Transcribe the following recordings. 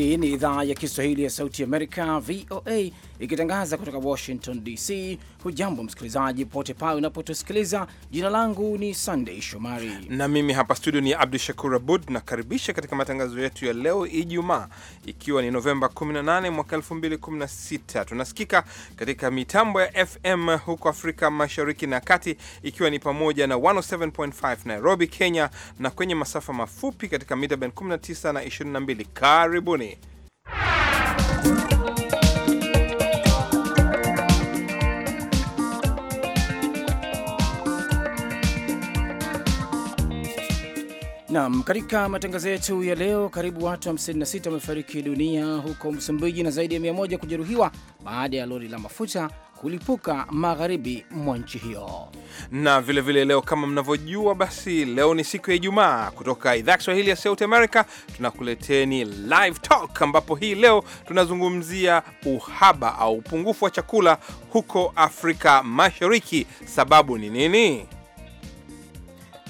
Hii ni idhaa ya Kiswahili ya Sauti Amerika, VOA, ikitangaza kutoka Washington DC. Hujambo msikilizaji, popote pale unapotusikiliza. Jina langu ni Sunday Shomari na mimi hapa studio ni Abdu Shakur Abud, nakaribisha katika matangazo yetu ya leo Ijumaa, ikiwa ni Novemba 18 mwaka 2016. Tunasikika katika mitambo ya FM huko Afrika Mashariki na Kati, ikiwa ni pamoja na 107.5 Nairobi, Kenya, na kwenye masafa mafupi katika mita 19 na 22. Karibuni. Naam, katika matangazo yetu ya leo, karibu watu 56 wamefariki dunia huko Msumbiji na zaidi ya 100 kujeruhiwa baada ya lori la mafuta kulipuka magharibi mwa nchi hiyo. Na vilevile vile leo, kama mnavyojua, basi leo ni siku ya Ijumaa. Kutoka idhaa Kiswahili ya Sauti Amerika tunakuleteni Live Talk, ambapo hii leo tunazungumzia uhaba au upungufu wa chakula huko Afrika Mashariki. Sababu ni nini?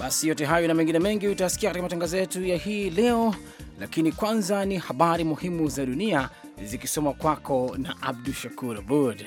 Basi yote hayo na mengine mengi utasikia katika matangazo yetu ya hii leo, lakini kwanza ni habari muhimu za dunia zikisoma kwako na Abdu Shakur Abud.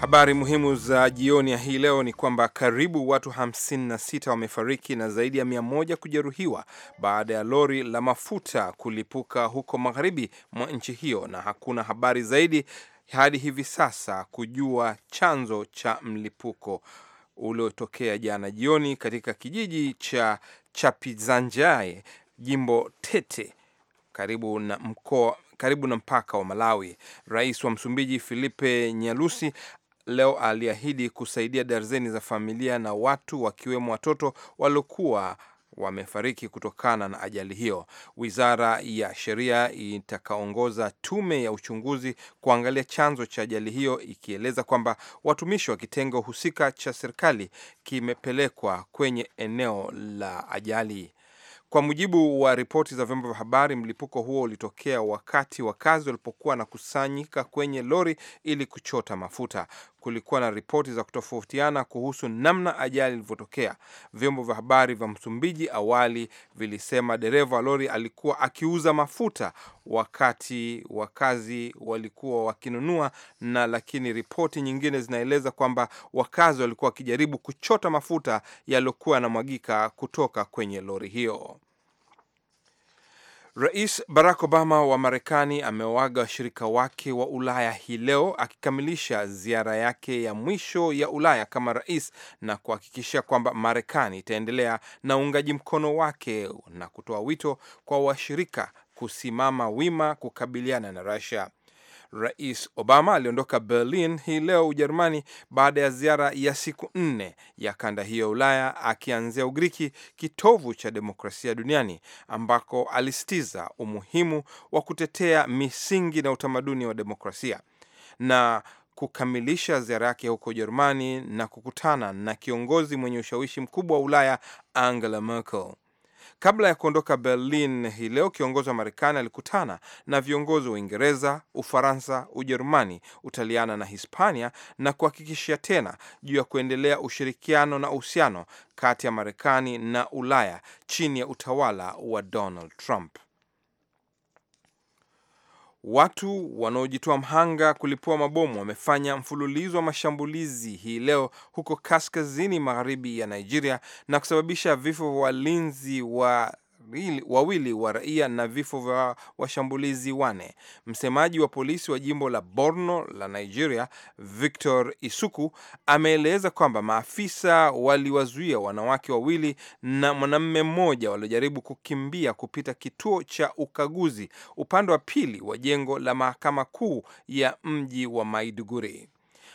Habari muhimu za jioni ya hii leo ni kwamba karibu watu 56 wamefariki na zaidi ya 100 kujeruhiwa baada ya lori la mafuta kulipuka huko magharibi mwa nchi hiyo, na hakuna habari zaidi hadi hivi sasa kujua chanzo cha mlipuko uliotokea jana jioni katika kijiji cha chapizanjae jimbo Tete, karibu na mkoa karibu na mpaka wa Malawi. Rais wa Msumbiji Filipe Nyalusi leo aliahidi kusaidia darzeni za familia na watu wakiwemo watoto waliokuwa wamefariki kutokana na ajali hiyo. Wizara ya Sheria itakaongoza tume ya uchunguzi kuangalia chanzo cha ajali hiyo, ikieleza kwamba watumishi wa kitengo husika cha serikali kimepelekwa kwenye eneo la ajali. Kwa mujibu wa ripoti za vyombo vya habari, mlipuko huo ulitokea wakati wakazi walipokuwa wanakusanyika kwenye lori ili kuchota mafuta kulikuwa na ripoti za kutofautiana kuhusu namna ajali ilivyotokea. Vyombo vya habari vya Msumbiji awali vilisema dereva lori alikuwa akiuza mafuta wakati wakazi walikuwa wakinunua, na lakini ripoti nyingine zinaeleza kwamba wakazi walikuwa wakijaribu kuchota mafuta yaliyokuwa yanamwagika kutoka kwenye lori hiyo. Rais Barack Obama wa Marekani amewaga washirika wake wa Ulaya hii leo akikamilisha ziara yake ya mwisho ya Ulaya kama rais na kuhakikisha kwamba Marekani itaendelea na uungaji mkono wake na kutoa wito kwa washirika kusimama wima kukabiliana na Russia. Rais Obama aliondoka Berlin hii leo Ujerumani, baada ya ziara ya siku nne ya kanda hiyo ya Ulaya, akianzia Ugiriki, kitovu cha demokrasia duniani, ambako alisitiza umuhimu wa kutetea misingi na utamaduni wa demokrasia na kukamilisha ziara yake huko Ujerumani na kukutana na kiongozi mwenye ushawishi mkubwa wa Ulaya Angela Merkel. Kabla ya kuondoka Berlin hii leo, kiongozi wa Marekani alikutana na viongozi wa Uingereza, Ufaransa, Ujerumani, Utaliana na Hispania na kuhakikishia tena juu ya kuendelea ushirikiano na uhusiano kati ya Marekani na Ulaya chini ya utawala wa Donald Trump. Watu wanaojitoa mhanga kulipua mabomu wamefanya mfululizo wa mashambulizi hii leo huko kaskazini magharibi ya Nigeria na kusababisha vifo vya walinzi wa wawili wa raia na vifo vya washambulizi wane. Msemaji wa polisi wa jimbo la Borno la Nigeria, Victor Isuku, ameeleza kwamba maafisa waliwazuia wanawake wawili na mwanamume mmoja waliojaribu kukimbia kupita kituo cha ukaguzi upande wa pili wa jengo la mahakama kuu ya mji wa Maiduguri.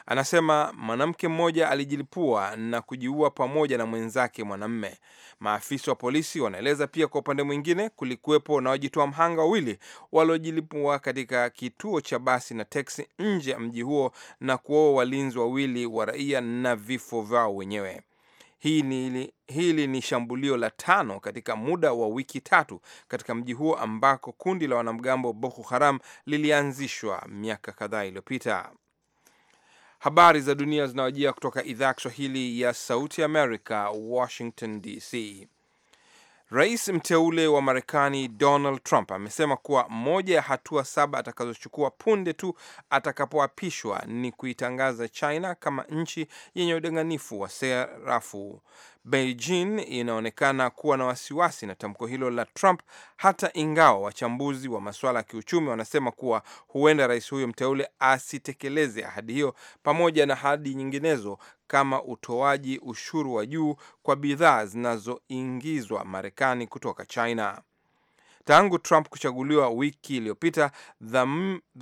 Anasema mwanamke mmoja alijilipua na kujiua pamoja na mwenzake mwanamme. Maafisa wa polisi wanaeleza pia, kwa upande mwingine, kulikuwepo na wajitoa mhanga wawili waliojilipua katika kituo cha basi na teksi nje ya mji huo na kuoa walinzi wawili wa raia na vifo vyao wenyewe. Hili, hili ni shambulio la tano katika muda wa wiki tatu katika mji huo ambako kundi la wanamgambo Boko Haram lilianzishwa miaka kadhaa iliyopita. Habari za dunia zinawajia kutoka idhaa ya Kiswahili ya Sauti Amerika, Washington DC. Rais mteule wa Marekani Donald Trump amesema kuwa moja ya hatua saba atakazochukua punde tu atakapoapishwa ni kuitangaza China kama nchi yenye udanganyifu wa sarafu. Beijing inaonekana kuwa na wasiwasi na tamko hilo la Trump, hata ingawa wachambuzi wa masuala ya kiuchumi wanasema kuwa huenda rais huyo mteule asitekeleze ahadi hiyo, pamoja na ahadi nyinginezo kama utoaji ushuru wa juu kwa bidhaa zinazoingizwa Marekani kutoka China. Tangu Trump kuchaguliwa wiki iliyopita,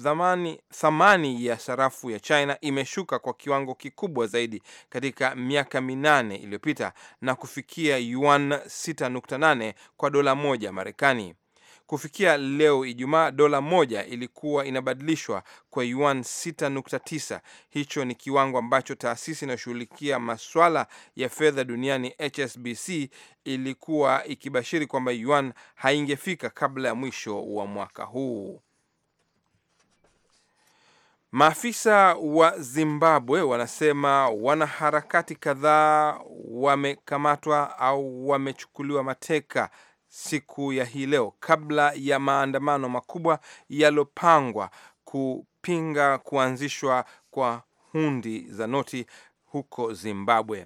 thamani thamani ya sarafu ya China imeshuka kwa kiwango kikubwa zaidi katika miaka minane iliyopita na kufikia yuan 6.8 kwa dola moja Marekani. Kufikia leo Ijumaa, dola moja ilikuwa inabadilishwa kwa yuan 6.9. Hicho ni kiwango ambacho taasisi inayoshughulikia maswala ya fedha duniani HSBC ilikuwa ikibashiri kwamba yuan haingefika kabla ya mwisho wa mwaka huu. Maafisa wa Zimbabwe wanasema wanaharakati kadhaa wamekamatwa au wamechukuliwa mateka siku ya hii leo kabla ya maandamano makubwa yaliyopangwa kupinga kuanzishwa kwa hundi za noti huko Zimbabwe.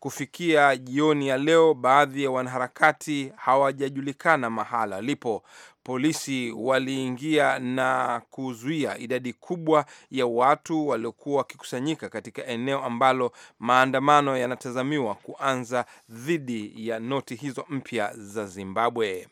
Kufikia jioni ya leo, baadhi ya wanaharakati hawajajulikana mahala alipo Polisi waliingia na kuzuia idadi kubwa ya watu waliokuwa wakikusanyika katika eneo ambalo maandamano yanatazamiwa kuanza dhidi ya noti hizo mpya za Zimbabwe.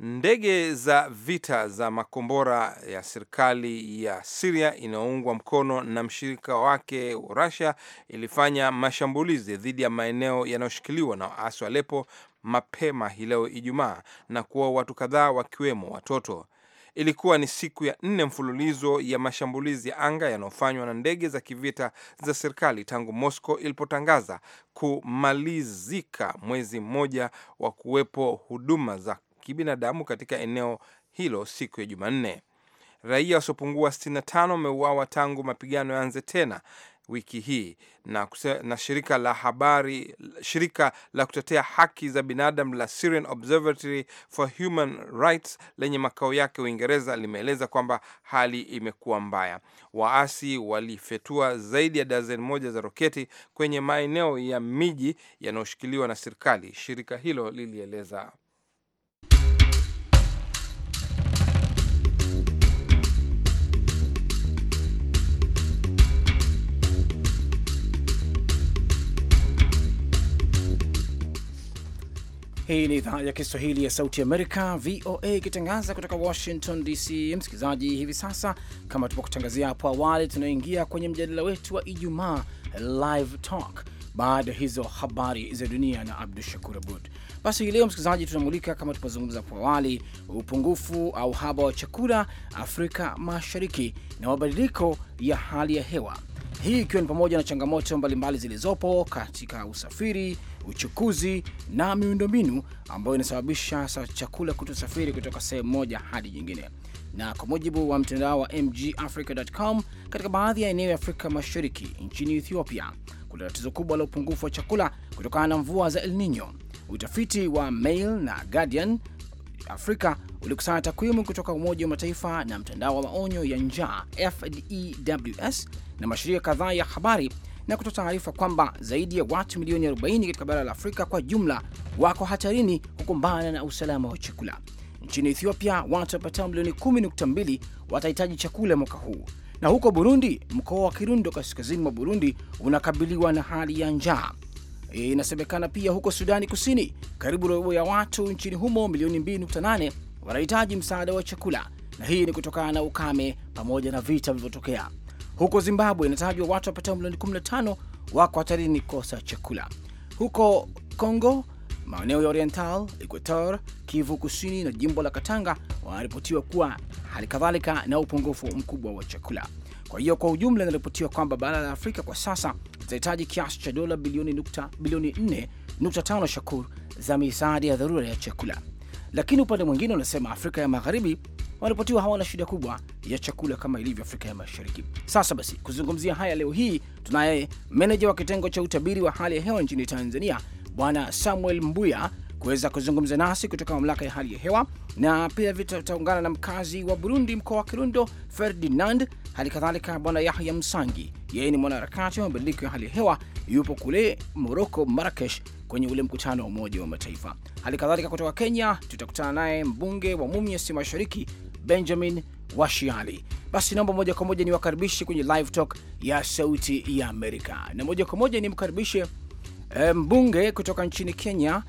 Ndege za vita za makombora ya serikali ya Siria inayoungwa mkono na mshirika wake Rusia ilifanya mashambulizi dhidi ya maeneo yanayoshikiliwa na waasi wa Aleppo mapema hii leo Ijumaa na kuwa watu kadhaa wakiwemo watoto. Ilikuwa ni siku ya nne mfululizo ya mashambulizi ya anga yanayofanywa na ndege za kivita za serikali tangu Moscow ilipotangaza kumalizika mwezi mmoja wa kuwepo huduma za kibinadamu katika eneo hilo siku ya Jumanne. Raia wasiopungua 65 wameuawa tangu mapigano yaanze tena wiki hii na, kuse, na shirika la habari shirika la kutetea haki za binadamu la Syrian Observatory for Human Rights lenye makao yake Uingereza limeeleza kwamba hali imekuwa mbaya. Waasi walifetua zaidi ya dazeni moja za roketi kwenye maeneo ya miji yanayoshikiliwa na serikali, shirika hilo lilieleza. Hii ni idhaa ya Kiswahili ya Sauti Amerika, VOA, ikitangaza kutoka Washington DC. Msikilizaji, hivi sasa kama tupokutangazia hapo awali, tunaingia kwenye mjadala wetu wa Ijumaa Live Talk baada ya hizo habari za dunia na Abdu Shakur Abud. Basi hii leo msikilizaji, tunamulika kama tupozungumza hapo awali, upungufu au haba wa chakula Afrika Mashariki na mabadiliko ya hali ya hewa, hii ikiwa ni pamoja na changamoto mbalimbali zilizopo katika usafiri uchukuzi na miundombinu ambayo inasababisha chakula kutosafiri kutoka sehemu moja hadi nyingine. Na kwa mujibu wa mtandao wa mgafrica.com, katika baadhi ya eneo ya Afrika Mashariki nchini Ethiopia kuna tatizo kubwa la upungufu wa chakula kutokana na mvua za El Nino. Utafiti wa Mail na Guardian Afrika ulikusanya takwimu kutoka Umoja wa Mataifa na mtandao wa maonyo ya njaa FDEWS na mashirika kadhaa ya habari na kutoa taarifa kwamba zaidi ya watu milioni 40 katika bara la Afrika kwa jumla wako hatarini kukumbana na usalama wa chakula. Nchini Ethiopia watu wapatao milioni 10.2 watahitaji chakula mwaka huu, na huko Burundi mkoa wa Kirundo kaskazini mwa Burundi unakabiliwa na hali ya njaa. Inasemekana pia huko Sudani Kusini karibu robo ya watu nchini humo milioni 2.8 wanahitaji msaada wa chakula, na hii ni kutokana na ukame pamoja na vita vilivyotokea. Huko Zimbabwe inatajwa watu wapatao milioni 15 wako hatarini kosa chakula. Huko Congo, maeneo ya Oriental, Equator, Kivu Kusini na jimbo la Katanga wanaripotiwa kuwa hali kadhalika na upungufu mkubwa wa chakula. Kwa hiyo kwa ujumla, inaripotiwa kwamba bara la Afrika kwa sasa zinahitaji kiasi cha dola bilioni 4.5 Shakur za misaada ya dharura ya chakula. Lakini upande mwingine unasema Afrika ya Magharibi wanaripotiwa hawana shida kubwa ya chakula kama ilivyo Afrika ya Mashariki. Sasa basi, kuzungumzia haya leo hii tunaye meneja wa kitengo cha utabiri wa hali ya hewa nchini Tanzania, Bwana Samuel Mbuya kuweza kuzungumza nasi kutoka mamlaka ya hali ya hewa, na pia vitaungana na mkazi wa Burundi, mkoa wa Kirundo, Ferdinand. Hali kadhalika Bwana Yahya Msangi, yeye ni mwanaharakati wa mabadiliko ya hali ya hewa, yupo kule Moroko, Marakesh, kwenye ule mkutano wa Umoja wa Mataifa. Hali kadhalika kutoka Kenya tutakutana naye mbunge wa Mumias Mashariki, Benjamin Washiali. Basi naomba moja kwa moja niwakaribishe kwenye live talk ya Sauti ya Amerika, na moja kwa moja nimkaribishe eh, mbunge kutoka nchini Kenya.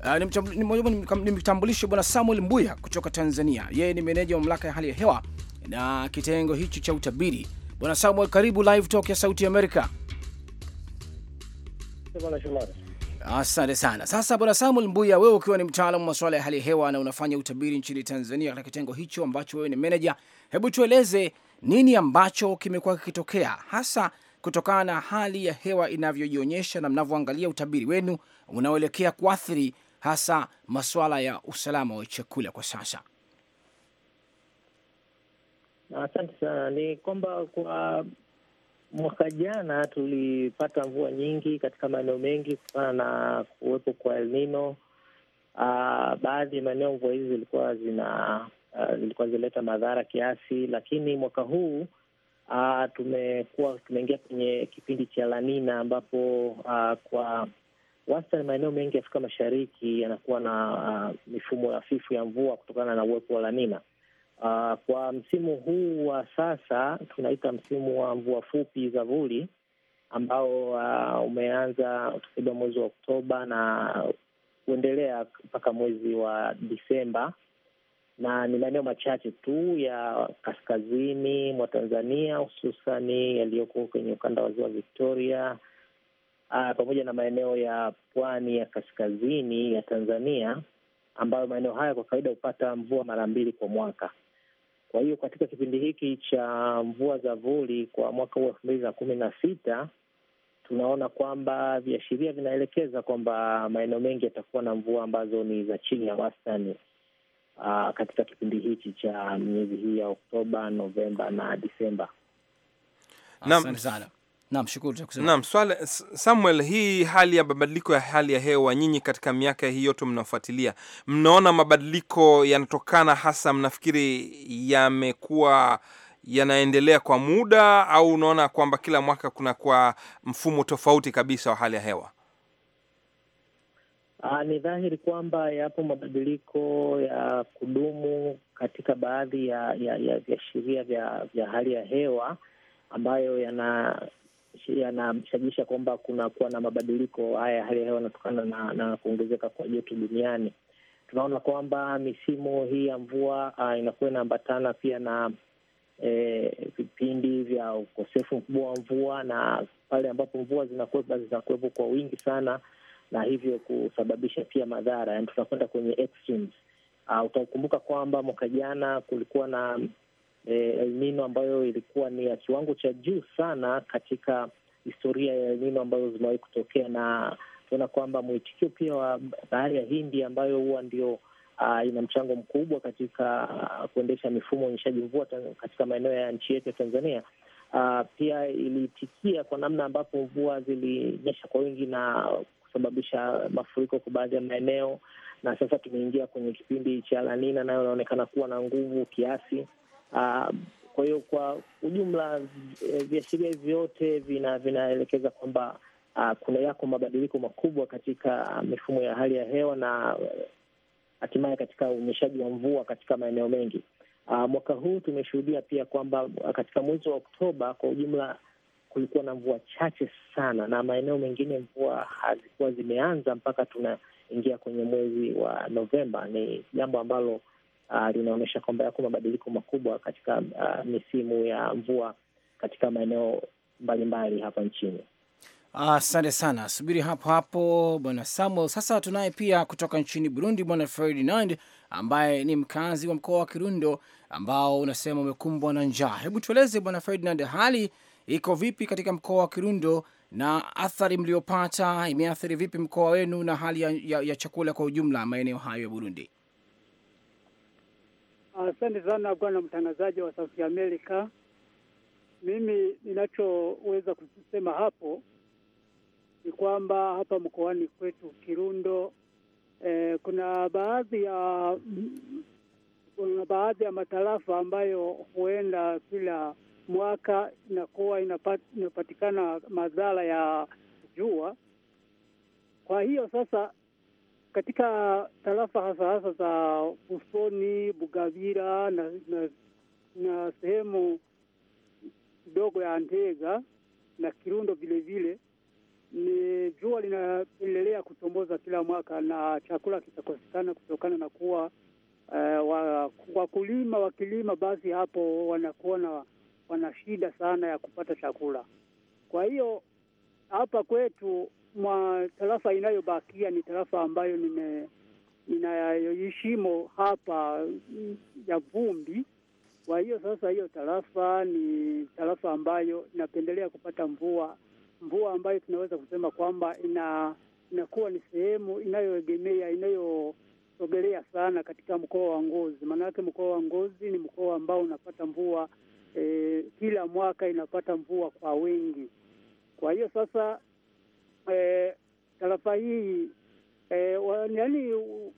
Uh, eh, nimtambulishe Bwana Samuel Mbuya kutoka Tanzania. Yeye ni meneja wa mamlaka ya hali ya hewa na kitengo hichi cha utabiri. Bwana Samuel, karibu live talk ya Sauti ya Amerika. Asante sana. Sasa Bwana Samuel Mbuya, wewe ukiwa ni mtaalamu wa masuala ya hali ya hewa na unafanya utabiri nchini Tanzania katika kitengo hicho ambacho wewe ni meneja, hebu tueleze nini ambacho kimekuwa kikitokea hasa kutokana na hali ya hewa inavyojionyesha na mnavyoangalia utabiri wenu unaoelekea kuathiri hasa masuala ya usalama wa chakula kwa sasa. Asante sana. Ni kwamba kwa mwaka jana tulipata mvua nyingi katika maeneo mengi kutokana na kuwepo kwa El Nino. Uh, baadhi ya maeneo mvua hizi zilikuwa zina uh, zilikuwa zinaleta madhara kiasi, lakini mwaka huu uh, tumekuwa tumeingia kwenye kipindi cha Lanina ambapo uh, kwa wastani maeneo mengi ya Afrika Mashariki yanakuwa na uh, mifumo hafifu ya mvua kutokana na uwepo wa Lanina. Uh, kwa msimu huu wa sasa tunaita msimu wa mvua fupi za vuli ambao uh, umeanza takriban mwezi wa Oktoba na kuendelea mpaka mwezi wa Disemba, na ni maeneo machache tu ya kaskazini mwa Tanzania hususani yaliyoko kwenye ukanda wa ziwa Victoria, uh, pamoja na maeneo ya pwani ya kaskazini ya Tanzania ambayo maeneo haya kwa kawaida hupata mvua mara mbili kwa mwaka. Kwa hiyo katika kipindi hiki cha mvua za vuli kwa mwaka huu elfu mbili na kumi na sita tunaona kwamba viashiria vinaelekeza kwamba maeneo mengi yatakuwa na mvua ambazo ni za chini ya wastani ah, katika kipindi hiki cha miezi hii ya Oktoba, Novemba na Disemba. Asante sana. Naam, shukuru za kusema. Naam, swali Samuel, hii hali ya mabadiliko ya hali ya hewa, nyinyi katika miaka hii yote mnaofuatilia, mnaona mabadiliko yanatokana hasa, mnafikiri yamekuwa yanaendelea kwa muda au unaona kwamba kila mwaka kuna kwa mfumo tofauti kabisa wa hali ya hewa? Aa, ah, ni dhahiri kwamba yapo mabadiliko ya kudumu katika baadhi ya viashiria ya, ya, ya vya, vya hali ya hewa ambayo yana yanamshajiisha kwamba kunakuwa na mabadiliko haya ya hali ya hewa yanatokana na, na kuongezeka kwa joto duniani. Tunaona kwamba misimu hii ya mvua uh, inakuwa inaambatana pia na eh, vipindi e, vya ukosefu mkubwa wa mvua, na pale ambapo mvua zinakuwepo zinakuwepo kwa wingi sana, na hivyo kusababisha pia madhara, yaani tunakwenda kwenye extremes. Uh, utakumbuka kwamba mwaka jana kulikuwa na eh, El Nino ambayo ilikuwa ni ya kiwango cha juu sana katika historia ya El Nino ambazo zimewahi kutokea, na tuona kwamba mwitikio pia wa bahari ya Hindi ambayo huwa ndio uh, ina mchango mkubwa katika uh, kuendesha mifumo unyeshaji mvua katika maeneo ya nchi yetu ya Tanzania. Uh, pia ilitikia kwa namna ambapo mvua zilinyesha kwa wingi na kusababisha mafuriko kwa baadhi ya maeneo, na sasa tumeingia kwenye kipindi cha La Nina, nayo inaonekana kuwa na nguvu kiasi. Um, kwa hiyo kwa ujumla eh, viashiria hivi vyote vina vinaelekeza kwamba uh, kuna yako mabadiliko makubwa katika uh, mifumo ya hali ya hewa na uh, hatimaye katika unyeshaji wa mvua katika maeneo mengi. Uh, mwaka huu tumeshuhudia pia kwamba uh, katika mwezi wa Oktoba kwa ujumla kulikuwa na mvua chache sana, na maeneo mengine mvua hazikuwa zimeanza mpaka tunaingia kwenye mwezi wa Novemba. Ni jambo ambalo uh, ah, linaonyesha kwamba yako mabadiliko makubwa katika uh, misimu ya mvua katika maeneo mbalimbali hapa nchini. Asante ah, sana. Subiri hapo hapo bwana Samuel. Sasa tunaye pia kutoka nchini Burundi bwana Ferdinand ambaye ni mkazi wa mkoa wa Kirundo ambao unasema umekumbwa na njaa. Hebu tueleze bwana Ferdinand, hali iko vipi katika mkoa wa Kirundo na athari mliyopata imeathiri vipi mkoa wenu na hali ya, ya, ya chakula kwa ujumla maeneo hayo ya Burundi? Asante sana bwana mtangazaji wa Sauti ya Amerika. Mimi ninachoweza kusema hapo ni kwamba hapa mkoani kwetu Kirundo, eh, kuna baadhi ya kuna baadhi ya matarafa ambayo huenda kila mwaka inakuwa inapat, inapatikana madhara ya jua. Kwa hiyo sasa katika tarafa hasa hasa za Busoni, Bugavira na, na, na sehemu kidogo ya Ntega na Kirundo vilevile ni jua linaendelea kuchomoza kila mwaka na chakula kitakosekana kutokana na kuwa uh, wakulima wakilima basi hapo wanakuwa na wana shida sana ya kupata chakula. Kwa hiyo hapa kwetu mwa tarafa inayobakia ni tarafa ambayo nime ninayoishimo hapa ya vumbi. Kwa hiyo sasa, hiyo tarafa ni tarafa ambayo inapendelea kupata mvua, mvua ambayo tunaweza kusema kwamba ina inakuwa ni sehemu inayoegemea inayosogelea sana katika mkoa wa Ngozi. Maanake mkoa wa Ngozi ni mkoa ambao unapata mvua eh, kila mwaka inapata mvua kwa wingi. Kwa hiyo sasa eh, tarafa hii eh, wa, yani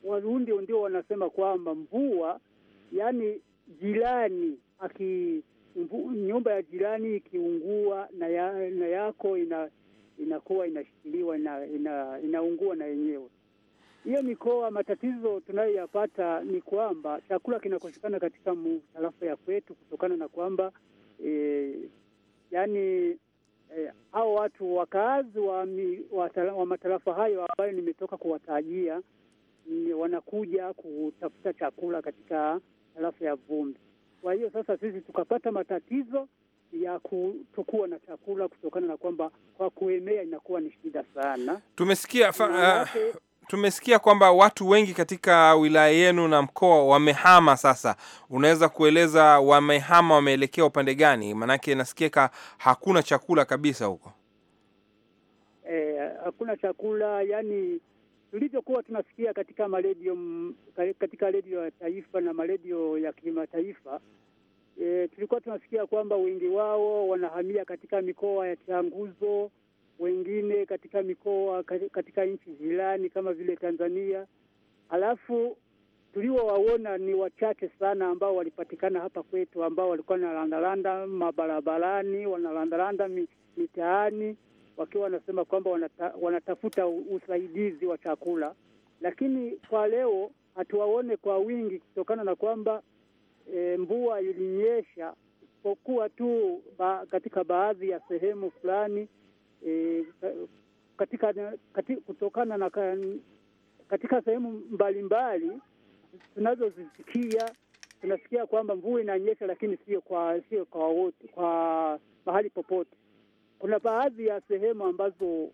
Warundi ndio wanasema kwamba mvua yani jirani aki mbu, nyumba ya jirani ikiungua na, ya, na yako ina inakuwa inashikiliwa ina, ina, inaungua na yenyewe. Hiyo mikoa matatizo tunayoyapata ni kwamba chakula kinakosekana katika tarafa ya kwetu kutokana na kwamba e, yani eh, hao watu wakaazi wa, wa, wa matarafa hayo ambayo nimetoka kuwatajia ni wanakuja kutafuta chakula katika tarafa ya Vumbi. Kwa hiyo sasa sisi tukapata matatizo ya kutokuwa na chakula kutokana na kwamba kwa kuemea inakuwa ni shida sana. Tumesikia fa, uh, tumesikia kwamba watu wengi katika wilaya yenu na mkoa wamehama. Sasa unaweza kueleza wamehama, wameelekea upande gani? Maanake nasikia hakuna chakula kabisa huko. E, hakuna chakula yani tulivyokuwa tunasikia katika maredio katika redio ya taifa na maredio ya kimataifa e, tulikuwa tunasikia kwamba wengi wao wanahamia katika mikoa ya Changuzo wengine katika mikoa katika nchi jirani kama vile Tanzania. Halafu tuliowaona ni wachache sana ambao walipatikana hapa kwetu, ambao walikuwa landalanda mabarabarani, wanalandalanda mitaani wakiwa wanasema kwamba wanata, wanatafuta usaidizi wa chakula, lakini kwa leo hatuwaone kwa wingi kutokana na kwamba e, mvua ilinyesha pokuwa tu ba, katika baadhi ya sehemu fulani e, katika, katika, kutokana na katika sehemu mbalimbali tunazozisikia tunasikia kwamba mvua inanyesha, lakini sio kwa sio kwa wote, kwa mahali popote. Kuna baadhi ya sehemu ambazo uh,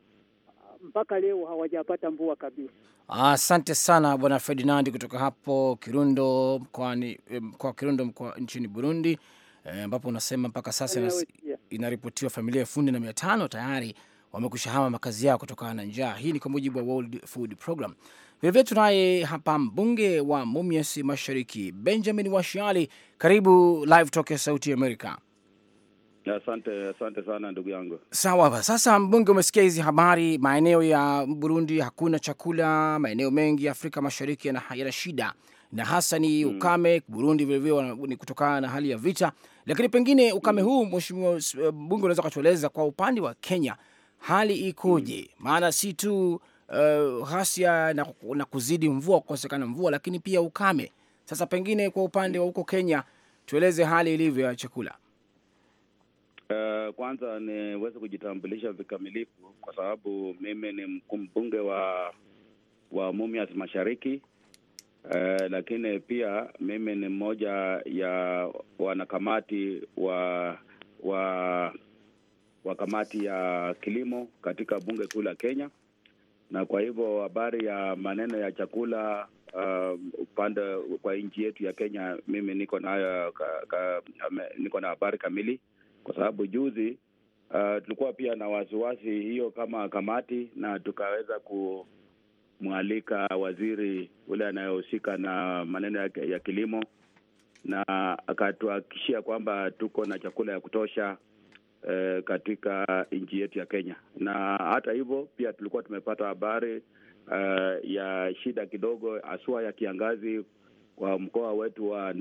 mpaka leo hawajapata mvua kabisa. Asante sana Bwana fedinandi kutoka hapo Kirundo mkoani eh, kwa Kirundo mkoa nchini Burundi, eh, ambapo e, unasema mpaka sasa inaripotiwa familia elfu nne na mia tano tayari hama makazi yao kutokana na njaa. Hii ni kwa mujibu wa World Food Program. Vilevile tunaye hapa mbunge wa Mumias Mashariki, Benjamin Washiali. Karibu Live Talk ya Sauti ya Amerika. Asante, asante sana ndugu yangu. Sawa, sasa mbunge, umesikia hizi habari, maeneo ya Burundi hakuna chakula, maeneo mengi ya Afrika Mashariki yana shida, na hasa ni hmm. ukame. Burundi vilevile ni kutokana na hali ya vita, lakini pengine ukame huu, mheshimiwa eh, mbunge, unaweza ukatueleza kwa upande wa Kenya hali ikoje? Hmm. Maana si tu uh, ghasia na, na kuzidi mvua, kukosekana mvua, lakini pia ukame. Sasa pengine kwa upande wa huko Kenya tueleze hali ilivyo ya chakula. Uh, kwanza niweze kujitambulisha vikamilifu kwa sababu mimi ni mbunge wa wa Mumias Mashariki Uh, lakini pia mimi ni mmoja ya wanakamati wa wa wa kamati ya kilimo katika bunge kuu la Kenya, na kwa hivyo habari ya maneno ya chakula uh, upande kwa nchi yetu ya Kenya, mimi niko nayo niko na habari kamili, kwa sababu juzi uh, tulikuwa pia na wasiwasi hiyo kama kamati na tukaweza ku kumwalika waziri ule anayehusika na maneno ya, ya kilimo na akatuhakikishia kwamba tuko na chakula ya kutosha e, katika nchi yetu ya Kenya. Na hata hivyo pia tulikuwa tumepata habari e, ya shida kidogo haswa ya kiangazi kwa mkoa wetu wa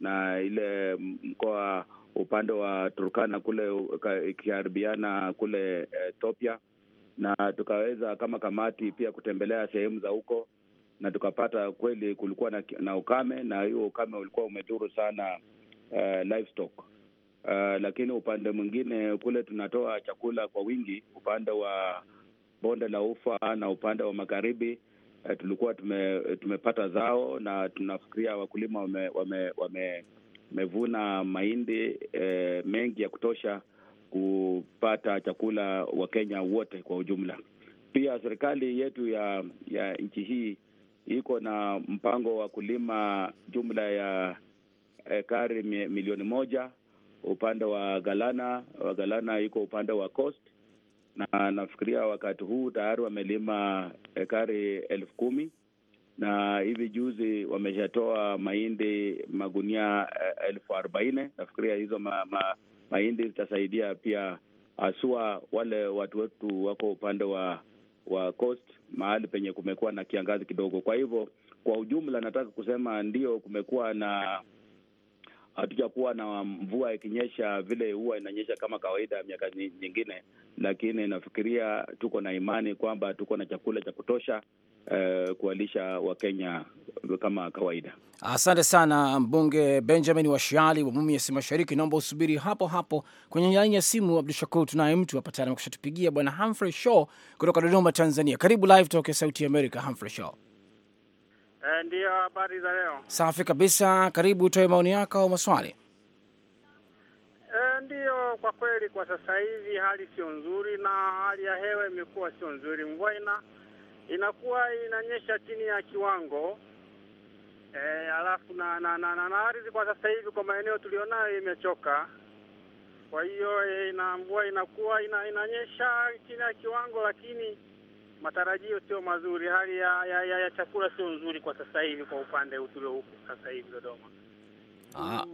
na ile mkoa upande wa Turkana kule ikiharibiana kule eh, Ethiopia na tukaweza kama kamati pia kutembelea sehemu za huko, na tukapata kweli kulikuwa na, na ukame, na hiyo ukame ulikuwa umedhuru sana uh, livestock uh, lakini upande mwingine kule tunatoa chakula kwa wingi upande wa bonde la ufa na upande wa magharibi uh, tulikuwa tume, tumepata zao na tunafikiria wakulima wamevuna wame, wame, mahindi eh, mengi ya kutosha kupata chakula Wakenya wote kwa ujumla. Pia serikali yetu ya, ya nchi hii iko na mpango wa kulima jumla ya ekari milioni moja upande wa Galana. Galana iko upande wa coast, na nafikiria wakati huu tayari wamelima ekari elfu kumi na hivi juzi wameshatoa mahindi magunia eh, elfu arobaini. Nafikiria hizo ma, ma, mahindi zitasaidia pia haswa wale watu wetu wako upande wa wa coast, mahali penye kumekuwa na kiangazi kidogo. Kwa hivyo kwa ujumla, nataka kusema ndio, kumekuwa na hatujakuwa na mvua ikinyesha vile huwa inanyesha kama kawaida miaka nyingine, lakini nafikiria tuko na imani kwamba tuko na chakula cha kutosha kualisha eh, kuwalisha Wakenya kama kawaida. Asante sana mbunge Benjamin Washiali wa Mumias Mashariki. Naomba usubiri hapo hapo kwenye laini ya simu. Abdu Shakur, tunaye mtu apatana tayari amekusha tupigia, Bwana Humphrey Shaw kutoka Dodoma, Tanzania. Karibu live talk ya Sauti ya Amerika, Humphrey Shaw. Eh, ndiyo habari za leo. Safi kabisa, karibu utoe maoni yako au maswali. Eh, ndiyo, kwa kweli kwa sasa hivi hali sio nzuri, na hali ya hewa imekuwa sio nzuri, mvua ina inakuwa inanyesha chini ya kiwango e, alafu na na, na, na, na ardhi kwa sasa hivi kwa maeneo tulionayo imechoka. Kwa hiyo e, ina mvua inakuwa ina, inanyesha chini ya kiwango, lakini matarajio sio mazuri. Hali ya, ya, ya, ya chakula sio nzuri kwa sasa hivi kwa upande tulio huku sasa hivi Dodoma. Ah.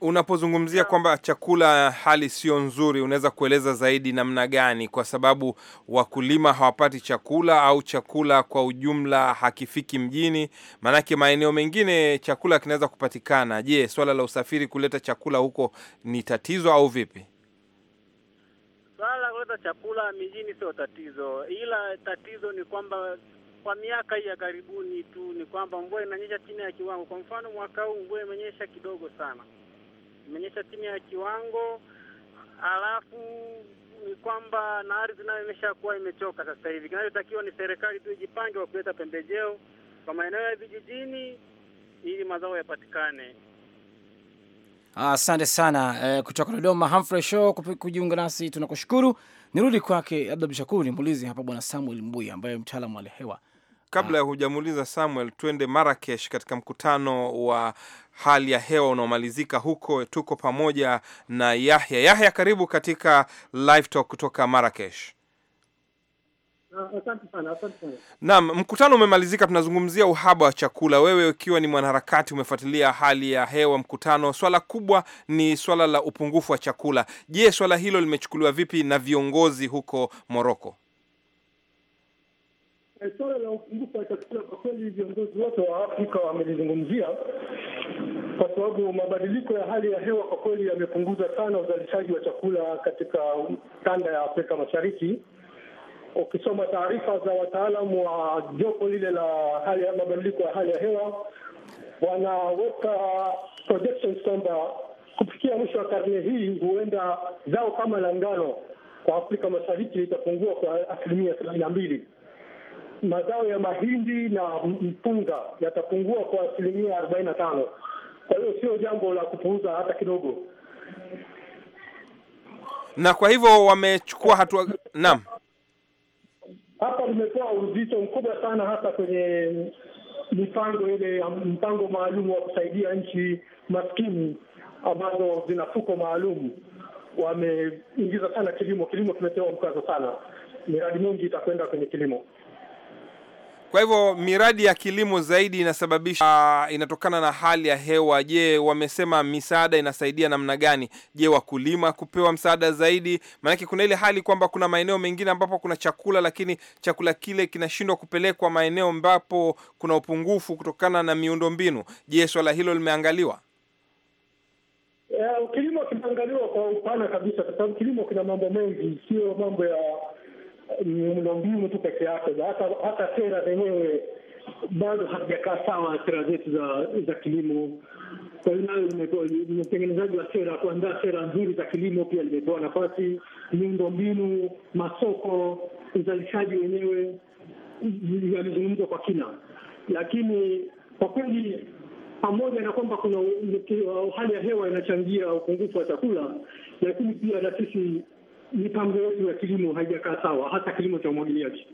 Unapozungumzia kwamba chakula hali sio nzuri, unaweza kueleza zaidi namna gani? Kwa sababu wakulima hawapati chakula au chakula kwa ujumla hakifiki mjini, maanake maeneo mengine chakula kinaweza kupatikana. Je, swala la usafiri kuleta chakula huko ni tatizo au vipi? Swala la kuleta chakula mijini sio tatizo, ila tatizo ni kwamba kwa miaka hii ya karibuni tu ni kwamba mvua inanyesha chini ya kiwango. Kwa mfano mwaka huu mvua imenyesha kidogo sana imeonyesha chini ya kiwango, alafu ni kwamba na ardhi nayo imeshakuwa kuwa imechoka sasa hivi. Kinachotakiwa ni serikali tu ijipange wa kuleta pembejeo kwa maeneo ya vijijini ili mazao yapatikane. Asante ah, sana eh, kutoka Dodoma Humphrey Show kujiunga nasi, tunakushukuru. Nirudi kwake Abdul Shakur nimuulize hapa Bwana Samuel Mbuya ambaye mtaalamu wa hali Kabla ya ah. hujamuuliza Samuel, twende Marrakesh katika mkutano wa hali ya hewa unaomalizika huko. Tuko pamoja na Yahya. Yahya, karibu katika Live Talk kutoka Marrakesh. Ah, Naam, mkutano umemalizika, tunazungumzia uhaba wa chakula. Wewe ukiwa ni mwanaharakati, umefuatilia hali ya hewa mkutano, swala kubwa ni swala la upungufu wa chakula. Je, swala hilo limechukuliwa vipi na viongozi huko Moroko? Eh, swala la upungufu wa chakula, kwa kweli viongozi wote wa Afrika wamelizungumzia, kwa sababu mabadiliko ya hali ya hewa kwa kweli yamepunguza sana uzalishaji wa chakula katika kanda ya Afrika Mashariki. Ukisoma taarifa za wataalamu wa jopo lile la hali ya mabadiliko ya hali ya hewa, wanaweka projections kwamba kufikia mwisho wa karne hii huenda zao kama la ngano kwa Afrika Mashariki litapungua kwa asilimia thelathini na mbili mazao ya mahindi na mpunga yatapungua kwa asilimia arobaini na tano kwa hiyo sio jambo la kupuuza hata kidogo, na kwa hivyo wamechukua hatua. Naam, hapa limetoa uzito mkubwa sana, hasa kwenye mipango ile, ya mpango maalum wa kusaidia nchi maskini ambazo zina fuko maalum. Wameingiza sana kilimo, kilimo kimepewa mkazo sana, miradi mingi itakwenda kwenye kilimo. Kwa hivyo miradi ya kilimo zaidi inasababisha uh, inatokana na hali ya hewa. Je, wamesema misaada inasaidia namna gani? Je, wakulima kupewa msaada zaidi? Maanake kuna ile hali kwamba kuna maeneo mengine ambapo kuna chakula, lakini chakula kile kinashindwa kupelekwa maeneo ambapo kuna upungufu kutokana na miundombinu. Je, swala hilo limeangaliwa? Yeah, kilimo kimeangaliwa kwa upana kabisa, kwa sababu kilimo kina mambo mengi, sio mambo ya miundombinu tu peke yake, hata sera zenyewe bado hatujakaa sawa, sera zetu za za kilimo. Kwa hiyo nayo utengenezaji wa sera, kuandaa sera nzuri za kilimo pia limepewa nafasi. Miundombinu, masoko, uzalishaji wenyewe yamezungumzwa kwa kina, lakini kwa kweli pamoja na kwamba kuna hali ya hewa inachangia upungufu wa chakula, lakini pia na sisi mipango yetu ya kilimo haijakaa sawa, hasa kilimo cha umwagiliaji.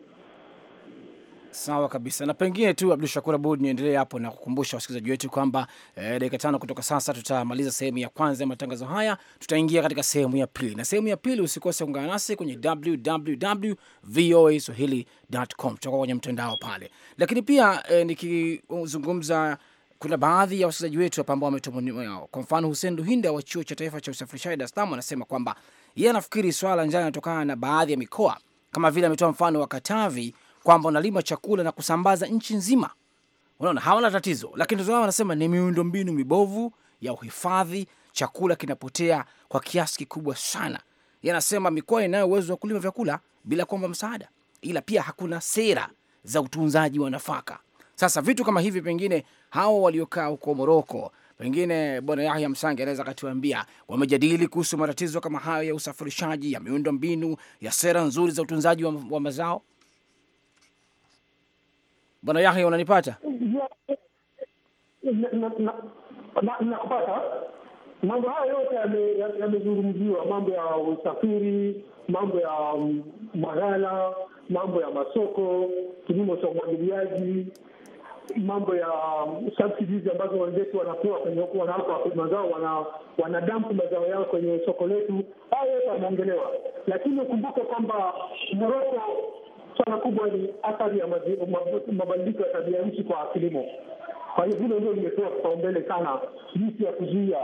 Sawa kabisa, na pengine tu Abdu Shakur Abud, niendelee hapo na kukumbusha wasikilizaji wetu kwamba eh, dakika tano kutoka sasa tutamaliza sehemu ya kwanza ya matangazo haya, tutaingia katika sehemu ya pili, na sehemu ya pili usikose kuungana nasi kwenye www voa swahili.com, tutakuwa kwenye mtandao pale. Lakini pia eh, nikizungumza kuna baadhi ya wasikilizaji wetu hapa ambao wametumaini, kwa mfano Hussein Luhinda wa chuo cha taifa cha usafirishaji Dar es Salaam anasema kwamba yeye anafikiri swala la njaa linatokana na baadhi ya mikoa, kama vile ametoa mfano wa Katavi kwamba unalima chakula na kusambaza nchi nzima. Unaona, hawana tatizo, lakini tatizo wanasema ni miundombinu mibovu ya uhifadhi. Chakula kinapotea kwa kiasi kikubwa sana. Yanasema mikoa inayo uwezo wa kulima vyakula bila kuomba msaada, ila pia hakuna sera za utunzaji wa nafaka. Sasa vitu kama hivi, pengine hawa waliokaa huko Moroko Pengine Bwana Yahya Msangi anaweza akatuambia, wamejadili kuhusu matatizo kama hayo ya usafirishaji, ya miundo mbinu, ya sera nzuri za utunzaji wa, wa mazao. Bwana Yahya, unanipata? Nakupata. Mambo haya yote yamezungumziwa, mambo ya usafiri, mambo ya um, maghala, mambo ya masoko, kilimo cha umwagiliaji mambo ya um, subsidies ambazo wenzetu wanapewa kwenye huku wanawapa wakulima zao, wana dampu mazao yao kwenye soko letu, hayo yote yanaongelewa, lakini ukumbuke kwamba Moroko swala kubwa ni athari ya mabadiliko ya tabia nchi kwa kilimo. Kwa hiyo hilo ndio limepewa kipaumbele sana, jinsi ya kuzuia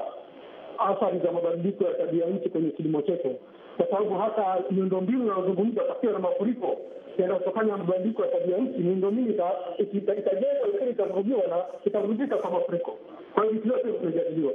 athari za mabadiliko ya tabia nchi kwenye kilimo chetu, kwa sababu hata miundombinu inayozungumza pakiwa na mafuriko yanayotokana na mabadiliko ya tabia nchi, miundombinu itajengwa, lakini itavurugiwa na itavurugika kwa mafuriko. Kwa hiyo vitu vyote vinajadiliwa.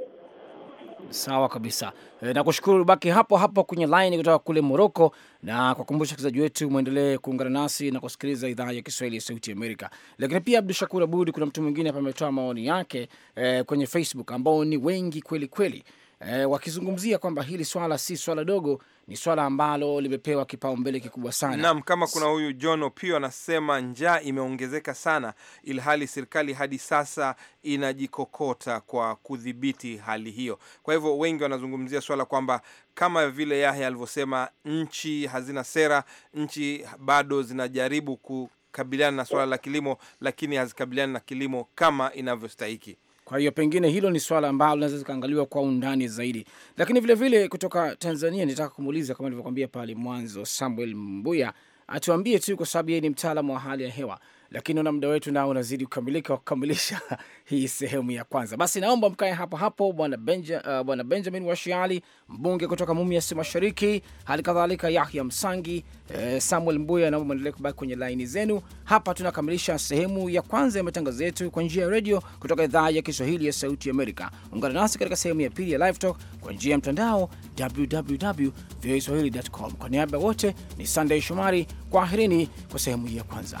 Sawa kabisa e, eh, na kushukuru baki hapo hapo kwenye line kutoka kule Moroko, na kwa kumbusha wasikilizaji wetu mwendelee kuungana nasi na kusikiliza idhaa ya Kiswahili ya Sauti Amerika. Lakini pia Abdu Shakur Abudi, kuna mtu mwingine hapa ametoa maoni yake e, kwenye Facebook ambao ni wengi kweli kweli e, wakizungumzia kwamba hili swala si swala dogo, ni swala ambalo limepewa kipaumbele kikubwa sana. Naam, kama kuna huyu John Opio anasema njaa imeongezeka sana, ilhali serikali hadi sasa inajikokota kwa kudhibiti hali hiyo. Kwa hivyo wengi wanazungumzia swala kwamba kama vile Yahya alivyosema, nchi hazina sera, nchi bado zinajaribu kukabiliana na swala la kilimo, lakini hazikabiliani na kilimo kama inavyostahiki. Kwa hiyo pengine hilo ni swala ambalo linaweza zikaangaliwa kwa undani zaidi, lakini vilevile vile kutoka Tanzania nitaka kumuuliza kama nilivyokwambia pale mwanzo, Samuel Mbuya atuambie tu, kwa sababu yeye ni mtaalamu wa hali ya hewa, lakini una muda wetu nao unazidi kukamilika, kukamilisha hii sehemu ya kwanza. Basi naomba mkae hapo hapo, bwana Benja, uh, Benjamin Washiali, mbunge kutoka Mumias Mashariki, hali kadhalika Yahya Msangi, eh, Samuel Mbuya, naomba mwendelee kubaki kwenye laini zenu. Hapa tunakamilisha sehemu ya kwanza ya matangazo yetu kwa njia ya redio kutoka idhaa ya Kiswahili ya Sauti Amerika. Ungana nasi katika sehemu ya pili ya Live Talk kwa njia ya mtandao www.voaswahili.com. Kwa niaba ya wote ni sandey Shomari, kwaherini kwa sehemu hii ya kwanza.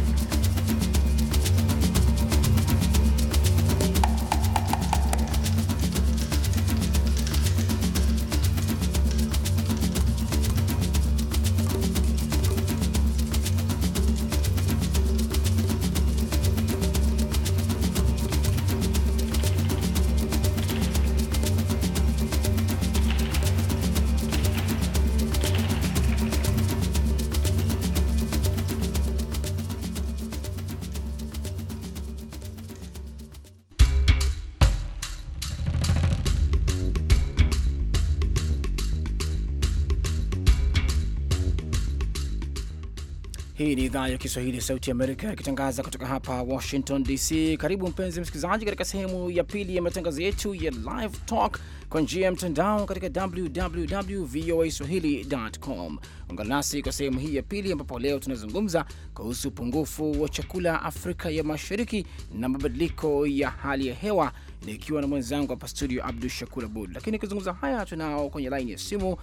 Hii ni idhaa ya Kiswahili ya Sauti Amerika ikitangaza kutoka hapa Washington DC. Karibu mpenzi msikilizaji, katika sehemu ya pili ya matangazo yetu ya Live Talk kwa njia ya mtandao katika www voa swahili.com. Ungana nasi kwa sehemu hii ya pili, ambapo leo tunazungumza kuhusu upungufu wa chakula Afrika ya Mashariki na mabadiliko ya hali ya hewa nikiwa na mwenzangu hapa studio Abdu Shakur Abud. Lakini kuzungumza haya tunao kwenye laini ya simu uh,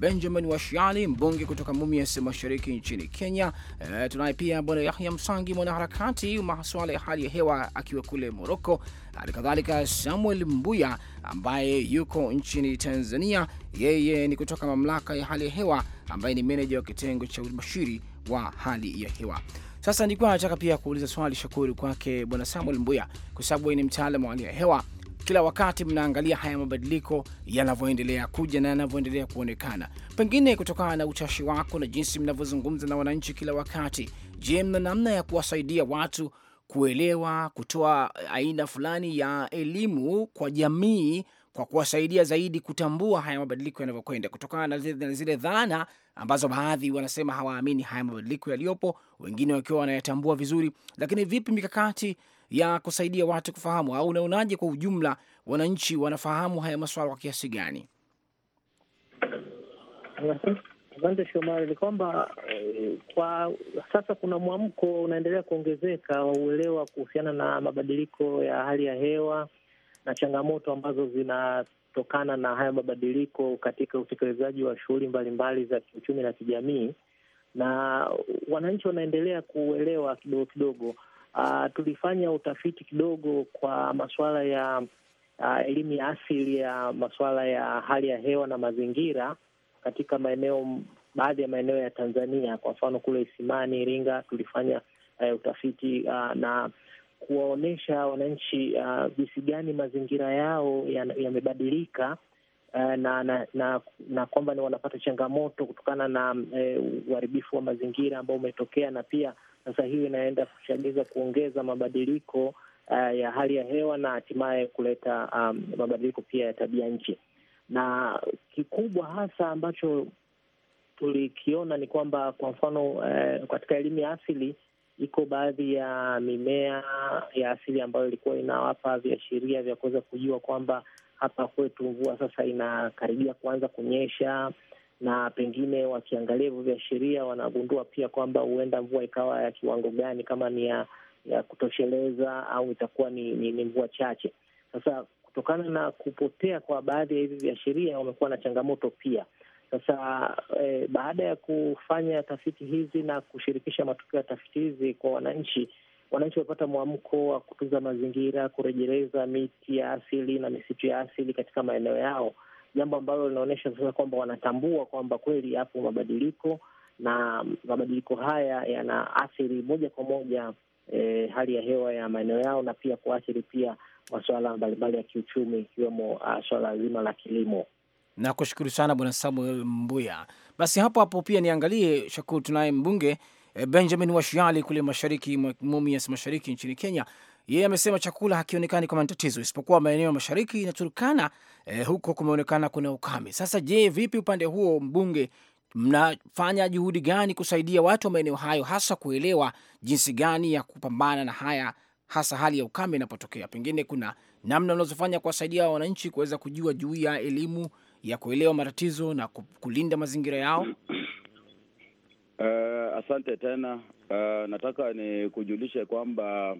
Benjamin Washiani, mbunge kutoka Mumias Mashariki nchini Kenya. Uh, tunaye pia bwana Yahya Msangi, mwanaharakati masuala ya hali ya hewa akiwa kule Moroko. Hali kadhalika Samuel Mbuya ambaye yuko nchini Tanzania, yeye ni kutoka mamlaka ya hali ya hewa ambaye ni meneja wa kitengo cha ubashiri wa hali ya hewa. Sasa nilikuwa nataka pia kuuliza swali Shakuri kwake Bwana Samuel Mbuya, kwa sababu ni mtaalamu wa hali ya hewa. Kila wakati mnaangalia haya mabadiliko yanavyoendelea kuja na yanavyoendelea kuonekana, pengine kutokana na utashi wako na jinsi mnavyozungumza na wananchi kila wakati. Je, mna namna ya kuwasaidia watu kuelewa, kutoa aina fulani ya elimu kwa jamii kwa kuwasaidia zaidi kutambua haya mabadiliko yanavyokwenda, kutokana na zile dhana ambazo baadhi wanasema hawaamini haya mabadiliko yaliyopo, wengine wakiwa wanayatambua vizuri. Lakini vipi mikakati ya kusaidia watu kufahamu, au unaonaje kwa ujumla wananchi wanafahamu haya maswala kwa kiasi gani? Asante Shomari, ni kwamba eh, kwa sasa kuna mwamko unaendelea kuongezeka wa uelewa kuhusiana na mabadiliko ya hali ya hewa na changamoto ambazo zinatokana na haya mabadiliko katika utekelezaji wa shughuli mbalimbali za kiuchumi na kijamii, na wananchi wanaendelea kuelewa kidogo kidogo. Uh, tulifanya utafiti kidogo kwa masuala ya uh, elimu ya asili ya masuala ya hali ya hewa na mazingira katika maeneo baadhi ya maeneo ya Tanzania, kwa mfano kule Isimani, Iringa tulifanya uh, utafiti uh, na kuwaonyesha wananchi uh, jinsi uh, gani mazingira yao yamebadilika ya uh, na, na, na, na kwamba ni wanapata changamoto kutokana na eh, uharibifu uh, wa mazingira ambao umetokea, na pia sasa hiyo inaenda kuchagiza kuongeza mabadiliko uh, ya hali ya hewa na hatimaye kuleta um, mabadiliko pia ya tabia nchi, na kikubwa hasa ambacho tulikiona ni kwamba kwa mfano eh, katika elimu ya asili iko baadhi ya mimea ya asili ambayo ilikuwa inawapa viashiria vya kuweza kujua kwamba hapa kwetu mvua sasa inakaribia kuanza kunyesha, na pengine wakiangalia hivyo viashiria wanagundua pia kwamba huenda mvua ikawa ya kiwango gani, kama ni ya, ya kutosheleza au itakuwa ni, ni, ni mvua chache. Sasa kutokana na kupotea kwa baadhi ya hivi viashiria, wamekuwa na changamoto pia sasa eh, baada ya kufanya tafiti hizi na kushirikisha matokeo ya tafiti hizi kwa wananchi, wananchi wamepata mwamko wa kutunza mazingira, kurejeleza miti ya asili na misitu ya asili katika maeneo yao, jambo ambalo linaonyesha sasa kwamba wanatambua kwamba kweli yapo mabadiliko na mabadiliko haya yana athiri moja kwa moja e, hali ya hewa ya maeneo yao na pia kuathiri pia masuala mbalimbali ya kiuchumi ikiwemo uh, ah, suala zima la kilimo na kushukuru sana bwana Samuel Mbuya. Basi hapo hapo pia niangalie Shakuru, tunaye mbunge eh, Benjamin Washiali kule mashariki Mumias mashariki nchini Kenya. Yeye amesema chakula hakionekani kama ni tatizo, isipokuwa maeneo ya mashariki na Turkana eh, huko kumeonekana kuna ukame. Sasa je, vipi upande huo mbunge, mnafanya juhudi gani kusaidia watu wa maeneo hayo, hasa kuelewa jinsi gani ya kupambana na haya, hasa hali ya ukame inapotokea? Pengine kuna namna unazofanya kuwasaidia wananchi kuweza kujua juu ya elimu ya kuelewa matatizo na kulinda mazingira yao? Uh, asante tena. Uh, nataka ni kujulishe kwamba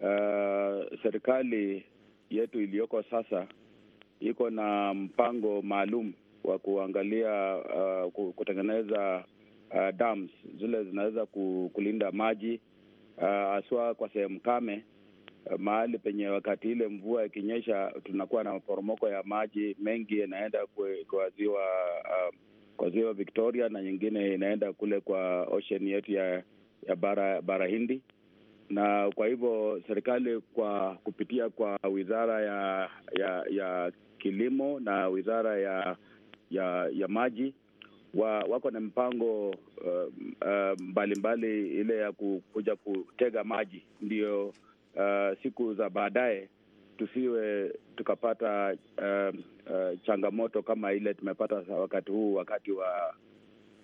uh, serikali yetu iliyoko sasa iko na mpango maalum wa kuangalia uh, kutengeneza uh, dams zile zinaweza kulinda maji haswa uh, kwa sehemu kame Eh, mahali penye wakati ile mvua ikinyesha tunakuwa na maporomoko ya maji mengi yanaenda kwa ziwa uh, kwa ziwa Victoria na nyingine inaenda kule kwa ocean yetu ya, ya bara, bara Hindi na kwa hivyo serikali kwa kupitia kwa wizara ya ya, ya kilimo na wizara ya ya, ya maji wa, wako na mpango uh, uh, mbalimbali ile ya kuja kutega maji ndiyo uh, siku za baadaye tusiwe tukapata uh, uh, changamoto kama ile tumepata wakati huu, wakati wa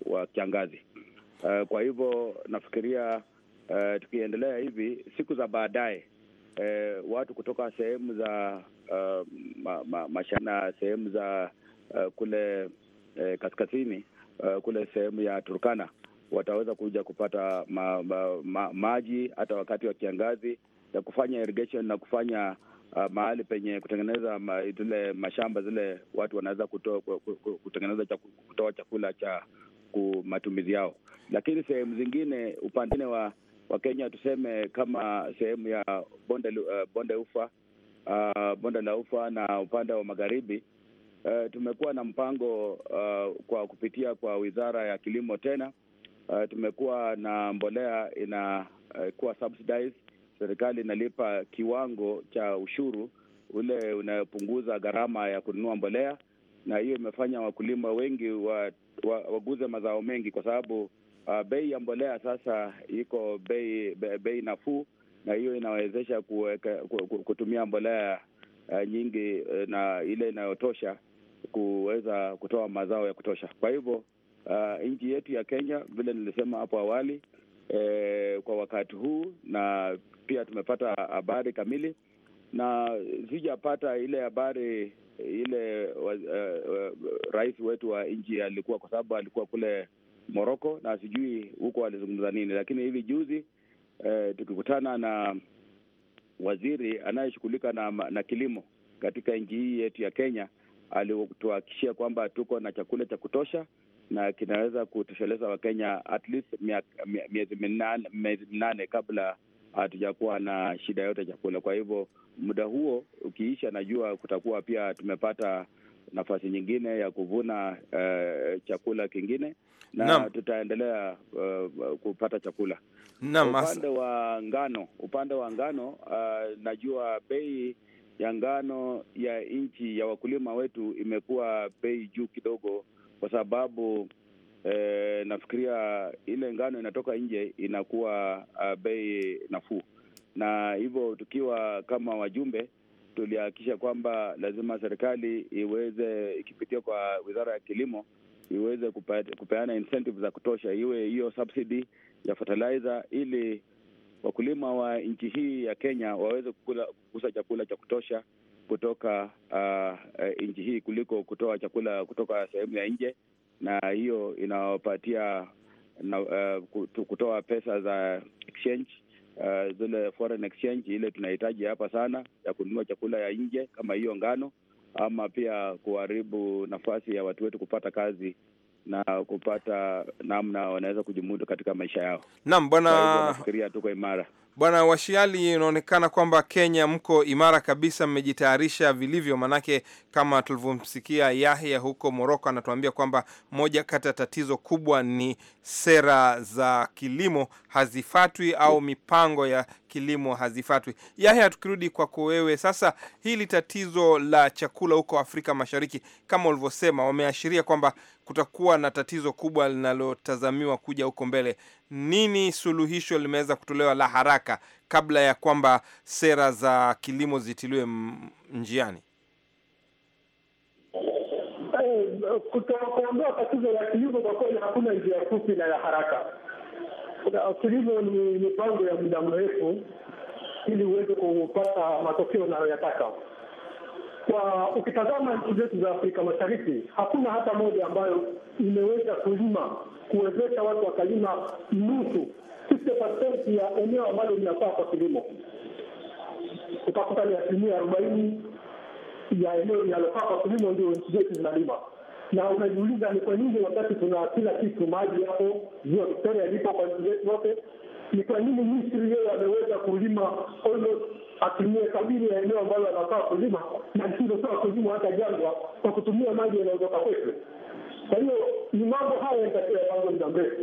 wa kiangazi. Uh, kwa hivyo nafikiria uh, tukiendelea hivi siku za baadaye uh, watu kutoka sehemu za uh, ma, ma, mashana sehemu za uh, kule uh, kaskazini uh, kule sehemu ya Turkana wataweza kuja kupata ma, ma, ma, maji hata wakati wa kiangazi ya kufanya irrigation na kufanya uh, mahali penye kutengeneza ma, zile mashamba zile watu wanaweza kutengeneza chaku, kutoa chakula cha matumizi yao, lakini sehemu zingine upande wa wa Kenya tuseme kama sehemu ya bonde uh, bonde ufa uh, bonde la ufa na upande wa magharibi uh, tumekuwa na mpango uh, kwa kupitia kwa wizara ya kilimo tena uh, tumekuwa na mbolea inakuwa uh, subsidized serikali inalipa kiwango cha ushuru ule unayopunguza gharama ya kununua mbolea, na hiyo imefanya wakulima wengi wa, wa, waguze mazao mengi kwa sababu uh, bei ya mbolea sasa iko bei be, bei nafuu, na hiyo inawezesha kuweka, kutumia mbolea uh, nyingi uh, na ile inayotosha kuweza kutoa mazao ya kutosha. Kwa hivyo uh, nchi yetu ya Kenya vile nilisema hapo awali e, kwa wakati huu, na pia tumepata habari kamili na sijapata ile habari ile uh, uh, rais wetu wa nchi alikuwa, kwa sababu alikuwa kule Moroko na sijui huko alizungumza nini, lakini hivi juzi uh, tukikutana na waziri anayeshughulika na, na kilimo katika nchi hii yetu ya Kenya alituhakikishia kwamba tuko na chakula cha kutosha na kinaweza kutosheleza Wakenya at least miezi minane, miezi minane kabla hatujakuwa na shida yote chakula. Kwa hivyo muda huo ukiisha, najua kutakuwa pia tumepata nafasi nyingine ya kuvuna uh, chakula kingine na Nam. tutaendelea uh, kupata chakula Nam. upande wa ngano, upande wa ngano uh, najua bei ya ngano ya nchi ya wakulima wetu imekuwa bei juu kidogo kwa sababu eh, nafikiria ile ngano inatoka nje inakuwa uh, bei nafuu, na hivyo tukiwa kama wajumbe tulihakikisha kwamba lazima serikali iweze ikipitia kwa wizara ya kilimo iweze kupeana incentive za kutosha, iwe hiyo subsidy ya fertilizer ili wakulima wa nchi hii ya Kenya waweze kukusa chakula cha kutosha kutoka uh, nchi hii kuliko kutoa chakula kutoka sehemu ya nje, na hiyo inawapatia na, uh, kutoa pesa za exchange uh, zile foreign exchange ile tunahitaji hapa sana ya kununua chakula ya nje kama hiyo ngano, ama pia kuharibu nafasi ya watu wetu kupata kazi na kupata namna wanaweza kujimudu katika maisha yao. Naam bwana, tuko imara. Bwana Washiali, inaonekana kwamba Kenya mko imara kabisa, mmejitayarisha vilivyo, manake kama tulivyomsikia Yahya huko Moroko anatuambia kwamba moja kati ya tatizo kubwa ni sera za kilimo hazifatwi au mipango ya kilimo hazifatwi. Yahya, tukirudi kwako wewe sasa, hili tatizo la chakula huko Afrika Mashariki, kama ulivyosema, wameashiria kwamba kutakuwa na tatizo kubwa linalotazamiwa kuja huko mbele nini suluhisho limeweza kutolewa la haraka kabla ya kwamba sera za kilimo zitiliwe njiani? Eh, Kuondoa tatizo la kilimo, kwa kweli hakuna njia fupi na ya haraka. Uh, kilimo ni mipango ya muda mrefu ili uweze kupata matokeo unayoyataka kwa ukitazama nchi zetu za Afrika Mashariki hakuna hata moja ambayo imeweza kulima kuwezesha watu wakalima nusu 60% ya eneo ambalo linafaa kwa kilimo. Utakuta ni asilimia arobaini ya eneo linalofaa kwa kilimo ndio nchi zetu zinalima, na unajiuliza ni kwa nini wakati tuna kila kitu, maji yapo, ziwa Victoria lipo kwa nchi zetu zote ni kwa nini Misri yeye ameweza kulima almost asilimia sabini ya eneo ambalo anakaa kulima na lisilosaa kulima hata jangwa kwa kutumia maji yanayotoka kwetu. Kwa hiyo ni mambo haya yanatakiwa yapango muda mrefu,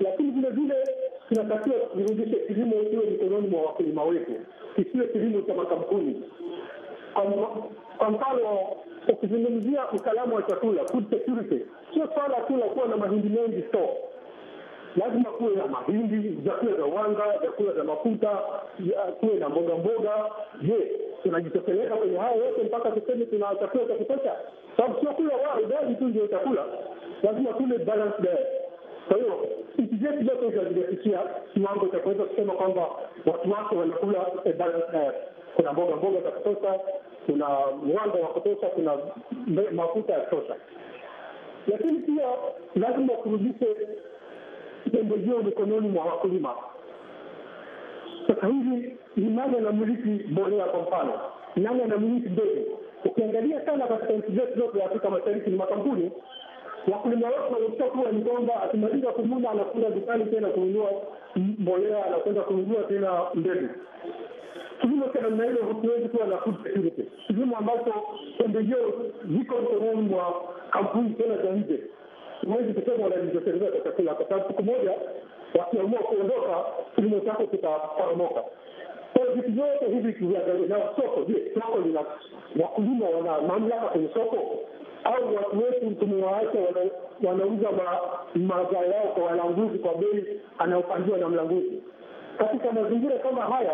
lakini vile vile tunatakiwa turudishe kilimo kiwe mikononi mwa wakulima wetu, kisiwe kilimo cha makampuni. Kwa mfano, ukizungumzia usalama wa chakula, food security, sio swala tu la kuwa na mahindi mengi store lazima kuwe na mahindi, vyakula vya wanga, vyakula vya mafuta, kuwe na mboga mboga. Je, tunajitosheleza kwenye hayo yote mpaka tuseme tuna chakula cha kutosha? Sababu sio kula wao idadi tu ndio chakula, lazima tule balance diet. Kwa hiyo nchi zetu zote hizo hazijafikia kiwango cha kuweza kusema kwamba watu wake wanakula balance diet. Kuna mboga mboga za kutosha, kuna wanga wa kutosha, kuna mafuta ya kutosha, lakini pia lazima kurudishe pembejeo mikononi mwa wakulima. Sasa hivi ni nani anamiliki mbolea? Kwa mfano, nani anamiliki mbegu? Ukiangalia sana katika nchi zetu zote za Afrika Mashariki ni makampuni. Wakulima wote walishakuwa ni kwamba akimaliza kuvuna anakwenda dukani tena kununua mbolea, anakwenda kununua tena mbegu. Kilimo cha namna hilo hakiwezi kuwa na food security, kilimo ambacho pembejeo ziko mikononi mwa kampuni tena za nje siwezi kusema unajitosheleza kwa chakula, kwa sababu siku moja wakiamua kuondoka, kilimo chako kitaporomoka. Kwa vitu vyote hivi tuviangalie. Na soko, je, soko lina wakulima, wana mamlaka kwenye soko au watu wetu tumewaacha wanauza mazao yao kwa walanguzi kwa bei anayopangiwa na mlanguzi? Katika mazingira kama haya,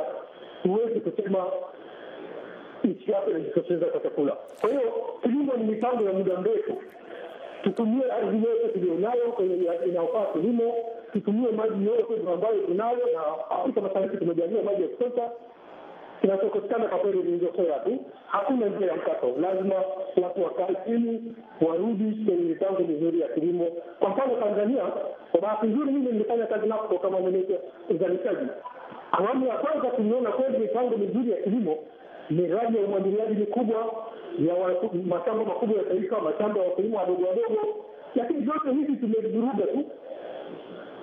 huwezi kusema nchi yako inajitosheleza kwa chakula. Kwa hiyo kilimo ni mipango ya muda mrefu tutumie ardhi yote kwenye inaokaa kilimo, tutumie maji yote ambayo tunayo, na Afrika Mashariki tumejalia maji ya kutosha. Kinachokosekana kwa kweli ni tu, hakuna njia ya mkato. Lazima watu wakae chini, warudi kwenye mipango mizuri ya kilimo. Kwa mfano, Tanzania, kwa bahati nzuri, mimi nilifanya kazi nako kama meneja uzalishaji. Awamu ya kwanza tuliona kweli mipango mizuri ya kilimo, miradi ya umwagiliaji mikubwa ya mashamba makubwa ya taifa, mashamba ya wakulima wadogo wadogo, lakini zote hizi tumevivuruga tu.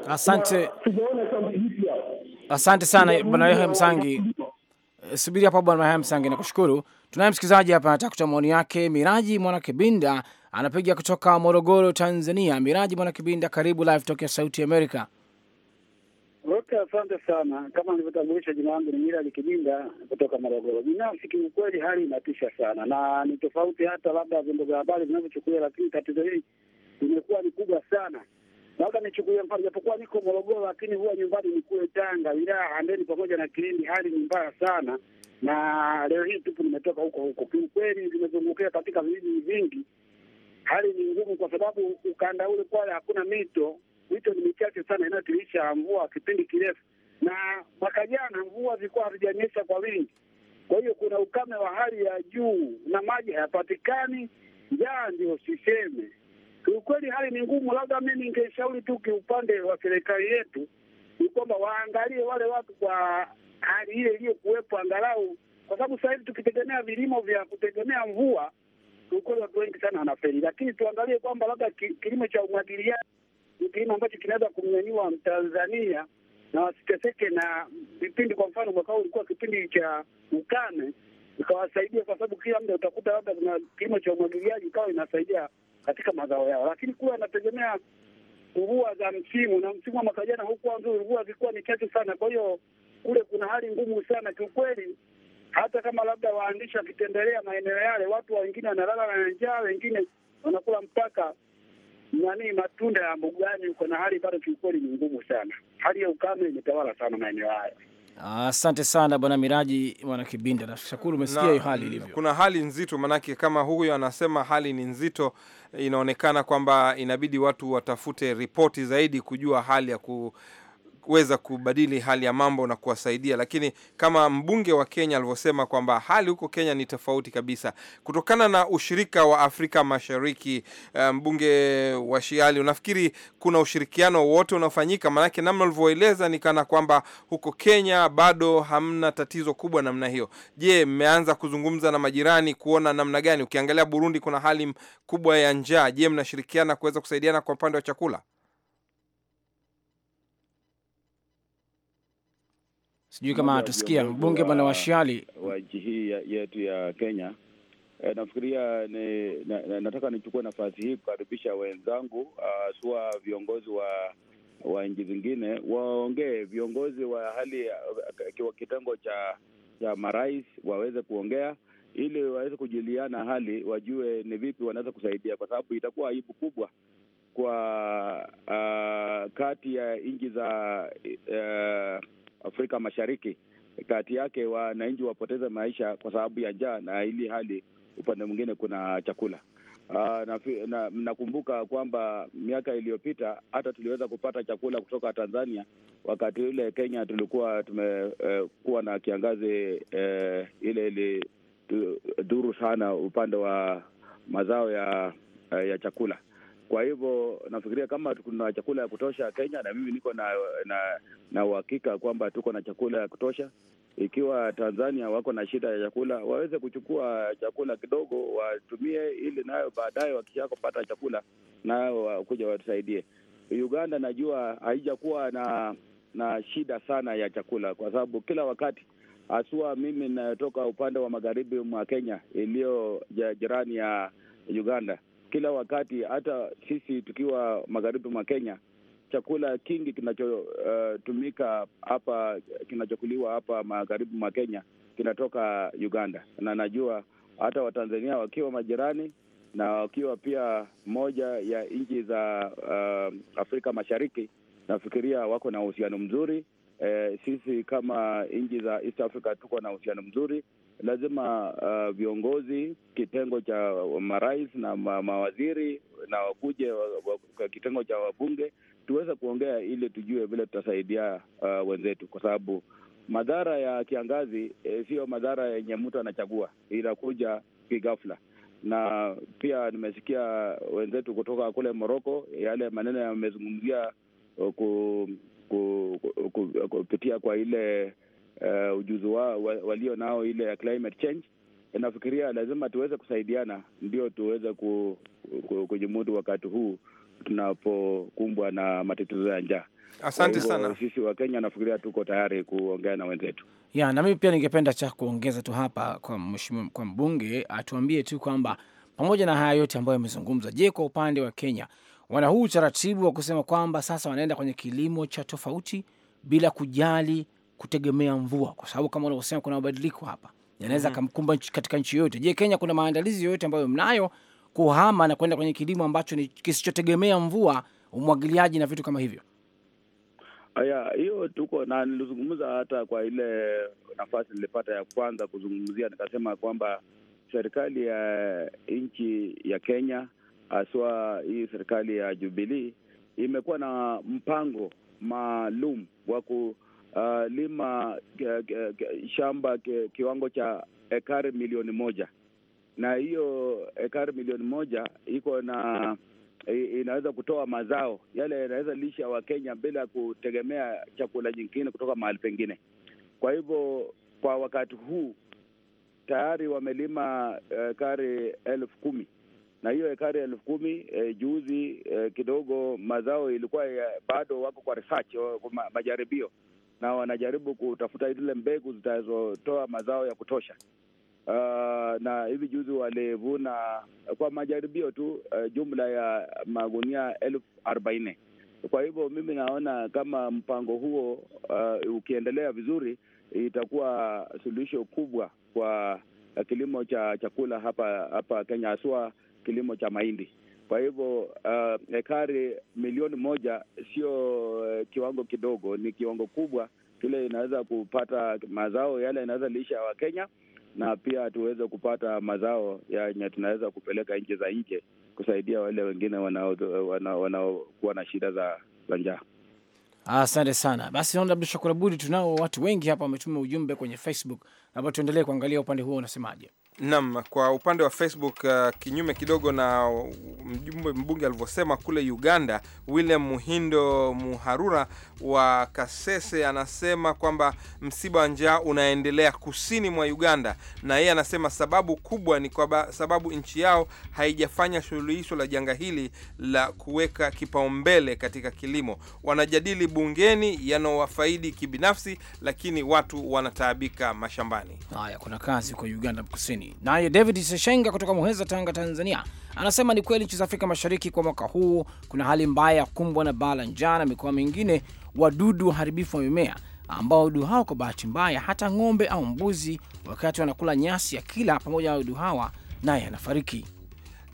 Asante, tujaona sijaona hizi jipya. Asante sana Bwana Yahya Msangi. Eh, subiri hapa Bwana Yahya Msangi, nakushukuru. Tunaye msikilizaji hapa anataka kutoa maoni yake. Miraji Mwana Kibinda anapiga kutoka Morogoro, Tanzania. Miraji Mwana Kibinda, karibu live talk ya Sauti Amerika. Okay, asante sana. Kama nilivyotambulisha, jina langu ni Milali Likibinda kutoka Morogoro. Binafsi kiukweli, hali inatisha sana, na ni tofauti hata labda vyombo vya habari vinavyochukulia, lakini tatizo hili limekuwa ni kubwa sana. Labda nichukulie mfano, japokuwa niko Morogoro, lakini huwa nyumbani ni kule Tanga, wilaya Handeni pamoja na Kilindi. Hali ni mbaya sana, na leo hii tupu nimetoka huko huko. Kiukweli nimezungukia katika vijiji vingi, hali ni ngumu, kwa sababu ukanda ule kwale hakuna mito mito ni michache sana inayotirisha mvua kipindi kirefu, na mwaka jana mvua zilikuwa hazijanyesha kwa wingi. Kwa hiyo kuna ukame wa hali ya juu na maji hayapatikani, njaa ndio siseme. Kiukweli hali ni ngumu. Labda mi ningeshauri tu kiupande wa serikali yetu ni kwamba waangalie wale watu kwa hali ile iliyokuwepo, angalau kwa sababu sasa hivi tukitegemea vilimo vya kutegemea mvua, kiukweli watu wengi sana wanaferi, lakini tuangalie kwamba labda kilimo cha umwagiliaji kipimo ambacho kinaweza kumnyanyua Mtanzania na wasiteseke na vipindi. Kwa mfano, mwaka huu ulikuwa kipindi cha ukame, ikawasaidia kwa sababu kila mda utakuta labda kuna kilimo cha umwagiliaji, ikawa inasaidia katika mazao yao, lakini kuwa anategemea mvua za msimu, na msimu wa mwaka jana hukuwa nzuri, mvua zilikuwa ni chache sana. Kwa hiyo kule kuna hali ngumu sana kiukweli. Hata kama labda waandishi wakitembelea maeneo yale, watu wengine wanalala na njaa, wengine wanakula mpaka nani matunda ya mbugani uko na hali bado kiukweli ni ngumu sana. Hali ya ukame imetawala sana maeneo hayo. Asante ah, sana bwana Miraji bwana Kibinda, nashukuru umesikia hiyo hali ilivyo. Kuna hali nzito, maanake kama huyo anasema hali ni nzito, inaonekana kwamba inabidi watu watafute ripoti zaidi kujua hali ya ku kuweza kubadili hali ya mambo na kuwasaidia. Lakini kama mbunge wa Kenya alivyosema kwamba hali huko Kenya ni tofauti kabisa kutokana na ushirika wa Afrika Mashariki. Eh, mbunge wa Shiali, unafikiri kuna ushirikiano wote unaofanyika? Maanake namna ulivyoeleza ni kana kwamba huko Kenya bado hamna tatizo kubwa namna hiyo. Je, mmeanza kuzungumza na majirani kuona namna gani? Ukiangalia Burundi kuna hali kubwa ya njaa. Je, mnashirikiana kuweza kusaidiana kwa upande wa chakula? sijui kama atusikia mbunge bwana Washiali wa nchi hii yetu ya Kenya. E, nafikiria ni, na, nataka nichukue nafasi hii kukaribisha wenzangu uh, ah, sua viongozi wa wa nchi zingine waongee, viongozi wa hali wa kitengo cha cha marais waweze kuongea ili waweze kujuliana hali, wajue ni vipi wanaweza kusaidia, kwa sababu itakuwa aibu kubwa kwa uh, kati ya nchi za uh, Afrika Mashariki, kati yake wananchi wapoteze maisha kwa sababu ya njaa, na hili hali upande mwingine kuna chakula. Ah, Nakumbuka na, na kwamba miaka iliyopita hata tuliweza kupata chakula kutoka Tanzania. Wakati ule Kenya tulikuwa tumekuwa eh, na kiangazi eh, ile ili dhuru sana upande wa mazao ya, ya chakula kwa hivyo nafikiria kama tuna chakula ya kutosha Kenya, na mimi niko na na uhakika kwamba tuko na chakula ya kutosha. Ikiwa Tanzania wako na shida ya chakula, waweze kuchukua chakula kidogo watumie, ili nayo baadaye wakishakopata chakula nayo wakuja watusaidie. Uganda najua haijakuwa na na shida sana ya chakula, kwa sababu kila wakati haswa mimi ninayotoka upande wa magharibi mwa Kenya iliyo jirani ya Uganda kila wakati, hata sisi tukiwa magharibi mwa Kenya, chakula kingi kinachotumika eh, uh, hapa kinachokuliwa hapa magharibi mwa Kenya kinatoka Uganda, na najua hata Watanzania wakiwa majirani na wakiwa pia moja ya nchi za uh, Afrika Mashariki, nafikiria wako na uhusiano mzuri. Eh, sisi kama nchi za East Africa tuko na uhusiano mzuri lazima uh, viongozi kitengo cha marais na ma, mawaziri na wakuje wa, wa, kitengo cha wabunge tuweze kuongea ili tujue vile tutasaidia uh, wenzetu, kwa sababu madhara ya kiangazi eh, siyo madhara yenye mtu anachagua, inakuja kighafla. Na pia nimesikia wenzetu kutoka kule Moroko, yale maneno yamezungumzia ku, ku, ku, ku, kwa ile uh, ujuzi wao wa, walio nao ile ya climate change. Nafikiria lazima tuweze kusaidiana, ndio tuweze ku, ku, kujimudu wakati huu tunapokumbwa na matatizo ya njaa. Asante sana. Sisi wa Kenya nafikiria tuko tayari kuongea na wenzetu. Ya, na mimi pia ningependa cha kuongeza tu hapa kwa mheshimiwa, kwa mbunge atuambie tu kwamba pamoja na haya yote ambayo yamezungumzwa, je, kwa upande wa Kenya wana huu utaratibu wa kusema kwamba sasa wanaenda kwenye kilimo cha tofauti bila kujali kutegemea mvua, kwa sababu kama unavyosema kuna mabadiliko hapa yanaweza mm -hmm. kamkumba katika nchi yoyote. Je, Kenya kuna maandalizi yoyote ambayo mnayo kuhama na kwenda kwenye kilimo ambacho ni kisichotegemea mvua, umwagiliaji na vitu kama hivyo? Aya, hiyo tuko na nilizungumza hata kwa ile nafasi nilipata ya kwanza kuzungumzia, nikasema kwamba serikali ya nchi ya Kenya haswa hii serikali ya Jubilee imekuwa na mpango maalum wa ku uh, lima ke, ke, ke, shamba ke, kiwango cha ekari milioni moja na hiyo ekari milioni moja iko na inaweza kutoa mazao yale yanaweza lisha Wakenya bila ya kutegemea chakula nyingine kutoka mahali pengine. Kwa hivyo kwa wakati huu tayari wamelima ekari elfu kumi na hiyo ekari elfu kumi e, juzi e, kidogo mazao ilikuwa ya, bado wako kwa research, majaribio na wanajaribu kutafuta zile mbegu zitazotoa mazao ya kutosha. Uh, na hivi juzi walivuna kwa majaribio tu uh, jumla ya magunia elfu arobaini. Kwa hivyo mimi naona kama mpango huo uh, ukiendelea vizuri itakuwa suluhisho kubwa kwa kilimo cha chakula hapa hapa Kenya, haswa kilimo cha mahindi. Kwa hivyo uh, ekari milioni moja sio uh, kiwango kidogo, ni kiwango kubwa kile inaweza kupata mazao yale inaweza liisha Wakenya na pia tuweze kupata mazao yenye tunaweza kupeleka nchi za nje kusaidia wale wengine wanaokuwa wana, wana na shida za, za njaa. Asante sana. Basi naona Abdu Shakur Abudi, tunao watu wengi hapa wametuma ujumbe kwenye Facebook, labda tuendelee kuangalia upande huo unasemaje nam kwa upande wa Facebook uh, kinyume kidogo na mjumbe mbunge alivyosema kule Uganda, William Muhindo Muharura wa Kasese anasema kwamba msiba wa njaa unaendelea kusini mwa Uganda, na yeye anasema sababu kubwa ni kwa sababu nchi yao haijafanya suluhisho la janga hili la kuweka kipaumbele katika kilimo. Wanajadili bungeni yanaowafaidi kibinafsi, lakini watu wanataabika mashambani. Haya, kuna kazi kwa Uganda kusini karibuni. Naye David Seshenga kutoka Muheza, Tanga, Tanzania, anasema ni kweli nchi za Afrika Mashariki kwa mwaka huu kuna hali mbaya ya kumbwa na baa la njaa na mikoa mingine, wadudu waharibifu wa mimea ambao wadudu hao kwa bahati mbaya hata ng'ombe au mbuzi wakati wanakula nyasi ya kila pamoja na wadudu hawa, naye anafariki.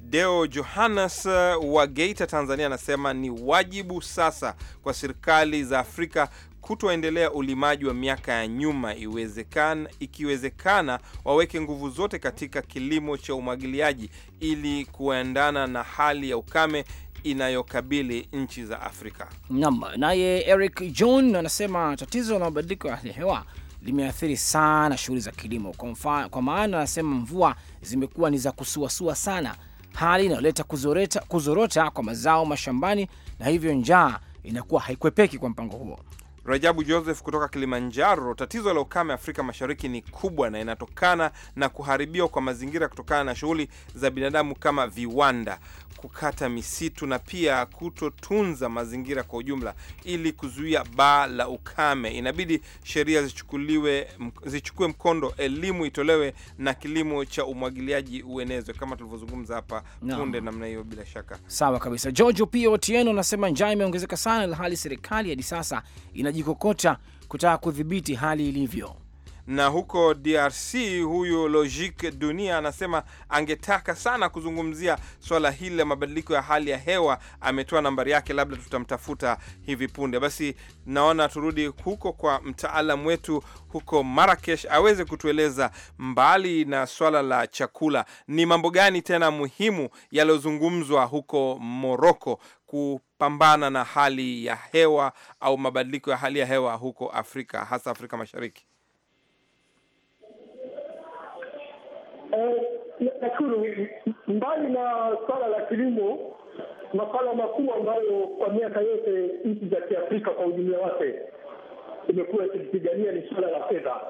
Deo Johannes uh, wa Geita, Tanzania, anasema ni wajibu sasa kwa serikali za Afrika kutoendelea ulimaji wa miaka ya nyuma. Iwezekana, ikiwezekana waweke nguvu zote katika kilimo cha umwagiliaji ili kuendana na hali ya ukame inayokabili nchi za Afrika. Naam, naye Eric John anasema tatizo la mabadiliko ya hali ya hewa limeathiri sana shughuli za kilimo. Kwa kwa maana anasema mvua zimekuwa ni za kusuasua sana, hali inayoleta kuzorota, kuzorota kwa mazao mashambani na hivyo njaa inakuwa haikwepeki kwa mpango huo. Rajabu Joseph kutoka Kilimanjaro, tatizo la ukame Afrika Mashariki ni kubwa na inatokana na kuharibiwa kwa mazingira kutokana na shughuli za binadamu kama viwanda kukata misitu na pia kutotunza mazingira kwa ujumla, ili kuzuia baa la ukame. Inabidi sheria zichukuliwe, zichukue mkondo, elimu itolewe na kilimo cha umwagiliaji uenezwe, kama tulivyozungumza hapa punde no. namna hiyo, bila shaka sawa kabisa. George pia Otieno anasema njaa imeongezeka sana, ilhali serikali hadi sasa inajikokota kutaka kudhibiti hali ilivyo. Na huko DRC huyu Logic Dunia anasema angetaka sana kuzungumzia swala hili la mabadiliko ya hali ya hewa. Ametoa nambari yake, labda tutamtafuta hivi punde. Basi naona turudi huko kwa mtaalam wetu huko Marrakesh aweze kutueleza mbali na swala la chakula, ni mambo gani tena muhimu yaliyozungumzwa huko Moroko kupambana na hali ya hewa au mabadiliko ya hali ya hewa huko Afrika, hasa Afrika Mashariki. Eh, nashukuru. Mbali na swala la kilimo, masuala makuu ambayo kwa miaka yote nchi za Kiafrika kwa ujumla wake imekuwa ikipigania ni swala la fedha.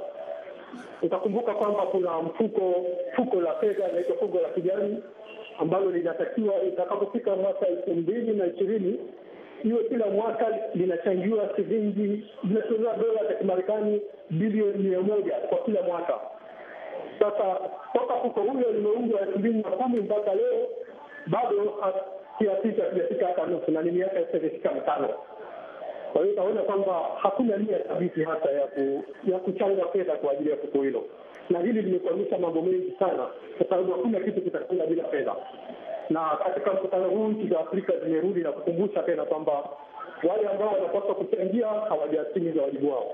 Utakumbuka kwamba kuna mfuko fuko la fedha inaitwa fuko la kijani ambalo linatakiwa itakapofika mwaka elfu mbili na ishirini hiyo kila mwaka linachangiwa shilingi zinatolewa dola za Kimarekani bilioni mia moja kwa kila mwaka sasa toka kuko huyo limeundwa elfu mbili na kumi mpaka leo bado kiasi cha hata nusu, na ni miaka isiyofika mitano. Kwa hiyo utaona kwamba hakuna nia thabiti hasa ya kuchanga fedha kwa ajili ya soko hilo, na hili limekwamisha mambo mengi sana, kwa sababu hakuna kitu kitakwenda bila fedha. Na katika mkutano huu nchi za Afrika zimerudi na kukumbusha tena kwamba wale ambao wanapaswa kuchangia hawajatimiza wajibu wao.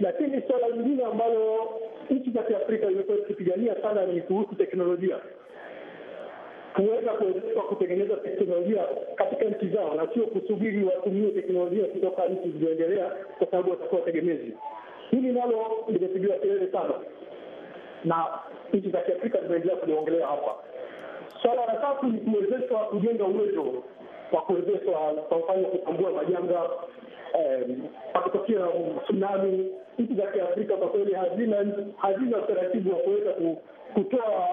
Lakini suala lingine ambalo nchi za Kiafrika zimekuwa zikipigania sana ni kuhusu teknolojia, kuweza kuwezeshwa kutengeneza teknolojia katika nchi zao na sio kusubiri watumie teknolojia kutoka nchi zilizoendelea, kwa sababu watakuwa tegemezi. Hili nalo limepigiwa kelele sana na nchi za Kiafrika zimeendelea kuliongelea hapa. Swala la tatu ni kuwezeshwa kujenga uwezo wa kuwezeshwa, kwa mfano, kutambua majanga Eh, pakitokea tsunami, nchi za Kiafrika kwa kweli hazina utaratibu wa kuweza kutoa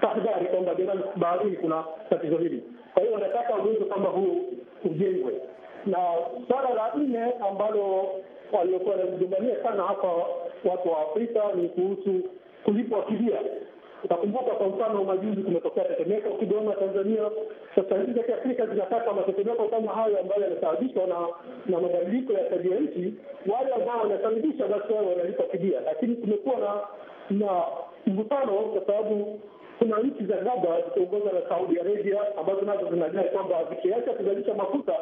tahadhari kwamba jamani, baharini kuna tatizo hili. Kwa hiyo wanataka uwezo kwamba huu ujengwe. Na swala la nne ambalo waliokuwa wanagombania sana hapa watu wa Afrika ni kuhusu kulipwa fidia Utakumbuka kwa mfano, majuzi kumetokea tetemeko Kigoma, Tanzania. Sasa nchi za Kiafrika zinataka matetemeko kama hayo ambayo yanasababishwa na na mabadiliko ya tabia nchi, wale ambao wanasababisha basi wao wanalipa fidia, lakini kumekuwa na na mvutano kwa sababu kuna nchi za Gaba zikiongozwa na Saudi Arabia ambazo nazo zinadai kwamba zikiacha kuzalisha mafuta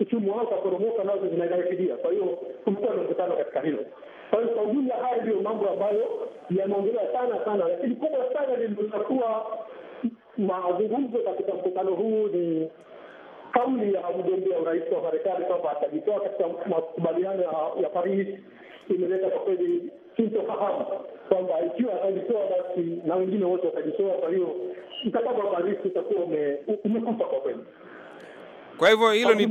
uchumi wao utaporomoka, nazo zinadai fidia. Kwa hiyo kumekuwa na mvutano katika hilo. Kwa hiyo kwa ujumla, haya ndiyo mambo ambayo yameongelewa sana sana, lakini kubwa sana lililotakuwa mazungumzo katika mkutano huu ni kauli ya mgombea urais wa Marekani kwamba atajitoa katika makubaliano ya Paris. Imeleta kwa kweli sintofahamu kwamba ikiwa atajitoa basi na wengine wote watajitoa. Kwa hiyo mkataba wa Paris utakuwa umekufa kwa kweli. Kwa hivyo hilo ni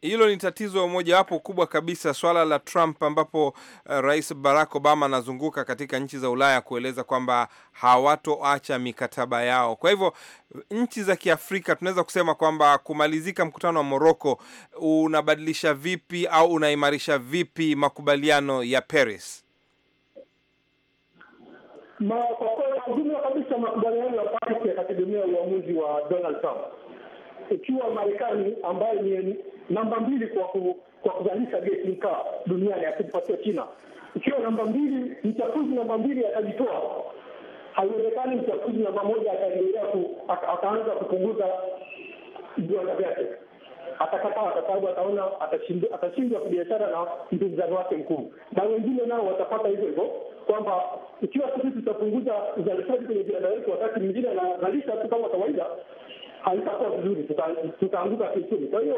hilo ni tatizo mojawapo kubwa kabisa, swala la Trump, ambapo uh, Rais Barack Obama anazunguka katika nchi za Ulaya kueleza kwamba hawatoacha mikataba yao. Kwa hivyo nchi za Kiafrika tunaweza kusema kwamba kumalizika mkutano wa Moroko unabadilisha vipi au unaimarisha vipi makubaliano ya Paris? Kwa jumla kabisa, makubaliano ya Paris yatategemea uamuzi wa Donald Trump. Ikiwa Marekani ambayo ni namba mbili kwa ku, kwa kuzalisha gesi mkaa duniani akimpatia China. Ikiwa namba mbili, mchafuzi namba mbili atajitoa, haiwezekani mchafuzi namba moja ataendelea akaanza kupunguza viwanda vyake, atakataa kwa sababu ataona atashindwa kibiashara na mpinzani wake mkuu, na wengine nao watapata hivyo hivyo kwamba ikiwa sisi tutapunguza uzalishaji kwenye viwanda wetu, wakati mwingine anazalisha tu kama kawaida, haitakuwa vizuri, tutaanguka kiuchumi. Kwa hiyo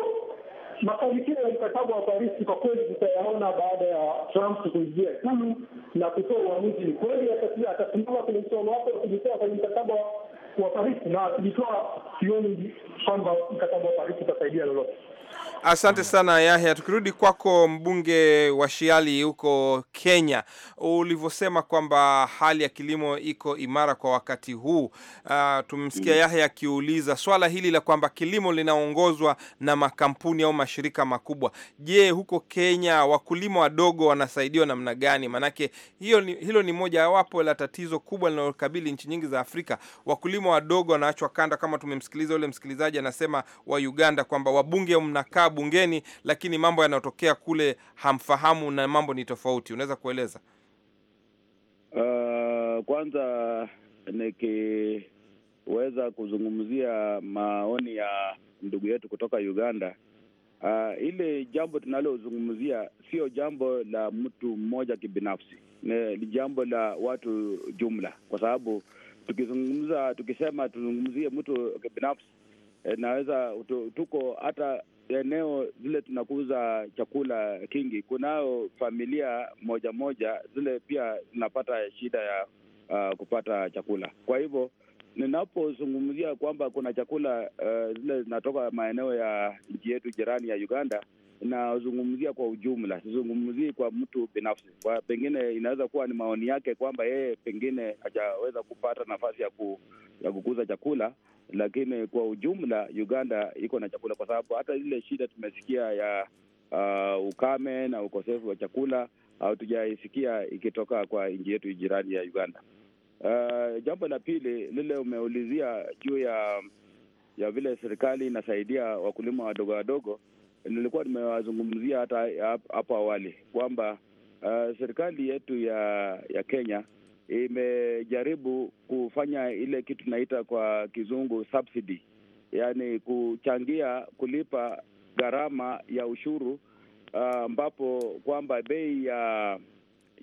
mafanikio ya mkataba wa Parisi kwa kweli tutayaona baada ya Trump kuingia Ikulu na kutoa uamuzi, ni kweli atasimama kwenye msimamo wake wa kujitoa kwenye mkataba kuwafariki, na tulitoa sioni kwamba mkataba wa Paris utasaidia lolote. Asante sana Yahya. Tukirudi kwako, mbunge wa Shiali huko Kenya, ulivyosema kwamba hali ya kilimo iko imara kwa wakati huu, uh, ah, tumemsikia mm. Yahya akiuliza swala hili la kwamba kilimo linaongozwa na makampuni au mashirika makubwa. Je, huko Kenya wakulima wadogo wanasaidiwa namna gani? Maanake hilo ni, hilo ni wapo la tatizo kubwa linalokabili nchi nyingi za Afrika wakulima wakulima wadogo wanaachwa kanda, kama tumemsikiliza yule msikilizaji anasema wa Uganda kwamba wabunge mnakaa bungeni, lakini mambo yanayotokea kule hamfahamu na mambo ni tofauti. Unaweza kueleza? Uh, kwanza nikiweza kuzungumzia maoni ya ndugu yetu kutoka Uganda. Uh, ile jambo tunalozungumzia sio jambo la mtu mmoja kibinafsi, ni jambo la watu jumla, kwa sababu tukizungumza tukisema tuzungumzie mtu binafsi e, eh, naweza tuko hata eneo zile tunakuuza chakula kingi, kunayo familia moja moja zile pia zinapata shida ya uh, kupata chakula. Kwa hivyo ninapozungumzia kwamba kuna chakula uh, zile zinatoka maeneo ya nchi yetu jirani ya Uganda nazungumzia kwa ujumla, sizungumzii kwa mtu binafsi. Kwa pengine inaweza kuwa ni maoni yake kwamba yeye pengine hajaweza kupata nafasi ya, ku, ya kukuza chakula, lakini kwa ujumla Uganda iko na chakula, kwa sababu hata ile shida tumesikia ya uh, ukame na ukosefu wa chakula hatujaisikia ikitoka kwa nchi yetu jirani ya Uganda. Uh, jambo la pili lile umeulizia juu ya ya vile serikali inasaidia wakulima wadogo wadogo nilikuwa nimewazungumzia hata hapo awali kwamba uh, serikali yetu ya ya Kenya imejaribu kufanya ile kitu tunaita kwa kizungu subsidy, yani kuchangia kulipa gharama ya ushuru uh, ambapo uh, kwamba bei ya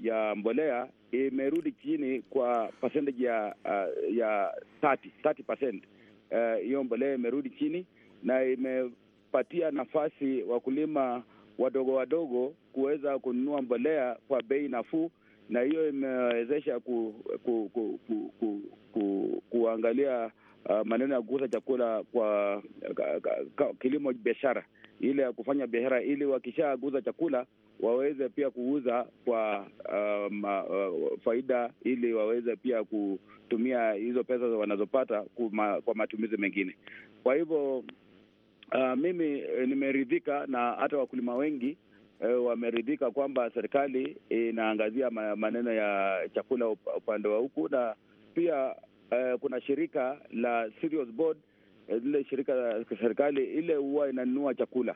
ya mbolea imerudi chini kwa percentage ya uh, ya 30 30%. Uh, hiyo uh, mbolea imerudi chini na ime kupatia nafasi wakulima wadogo wadogo kuweza kununua mbolea kwa bei nafuu, na hiyo imewezesha ku, ku, ku, ku, ku, ku, kuangalia uh, maneno ya kuguza chakula kwa ka, ka, ka, kilimo biashara ile ya kufanya biashara, ili wakishaguza chakula waweze pia kuuza kwa um, uh, faida, ili waweze pia kutumia hizo pesa wanazopata kuma, kwa matumizi mengine. Kwa hivyo Uh, mimi eh, nimeridhika na hata wakulima wengi eh, wameridhika kwamba serikali inaangazia maneno ya chakula upande wa huku na pia eh, kuna shirika la Serious Board eh, lile shirika la serikali ile huwa inanunua chakula,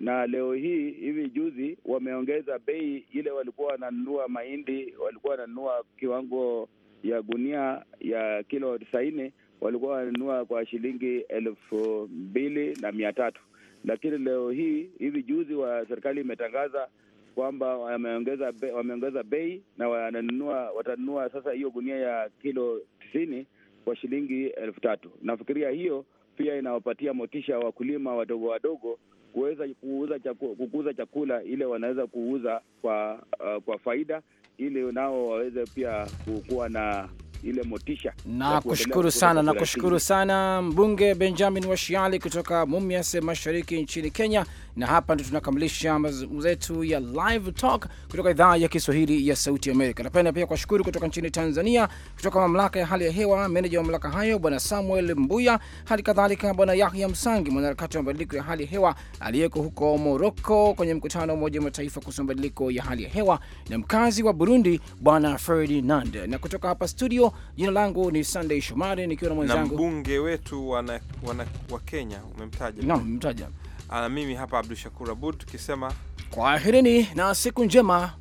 na leo hii hivi juzi wameongeza bei ile. Walikuwa wananunua mahindi, walikuwa wananunua kiwango ya gunia ya kilo tisaini, walikuwa wananunua kwa shilingi elfu mbili na mia tatu lakini leo hii hivi juzi wa serikali imetangaza kwamba wameongeza bei, wameongeza bei na wananunua watanunua sasa hiyo gunia ya kilo tisini kwa shilingi elfu tatu. Nafikiria hiyo pia inawapatia motisha wakulima wadogo wadogo kuweza kuuza chakula, kukuza chakula ile wanaweza kuuza kwa, uh, kwa faida ili nao waweze pia kuwa na ile motisha. Na kushukuru sana, na kushukuru sana mbunge Benjamin Washiali kutoka Mumias Mashariki nchini Kenya. Na hapa ndio tunakamilisha mazungumzo yetu ya Live Talk kutoka idhaa ya Kiswahili ya Sauti Amerika. Napenda pia kuwashukuru kutoka nchini Tanzania, kutoka mamlaka ya hali ya hewa, meneja wa mamlaka hayo Bwana Samuel Mbuya, hali kadhalika Bwana Yahya Msangi, mwanaharakati wa mabadiliko ya hali ya hewa aliyeko huko Moroko kwenye mkutano wa Umoja wa Mataifa kuhusu mabadiliko ya hali ya hewa, na mkazi wa Burundi Bwana Ferdinand. Na kutoka hapa studio Jina langu ni Sunday Shomari nikiwa na mwenzangu mbunge wetu wana, wana, wa Kenya umemtaja, umemtaja. Ah, mimi hapa abdu Shakur Abud tukisema kwaherini na siku njema.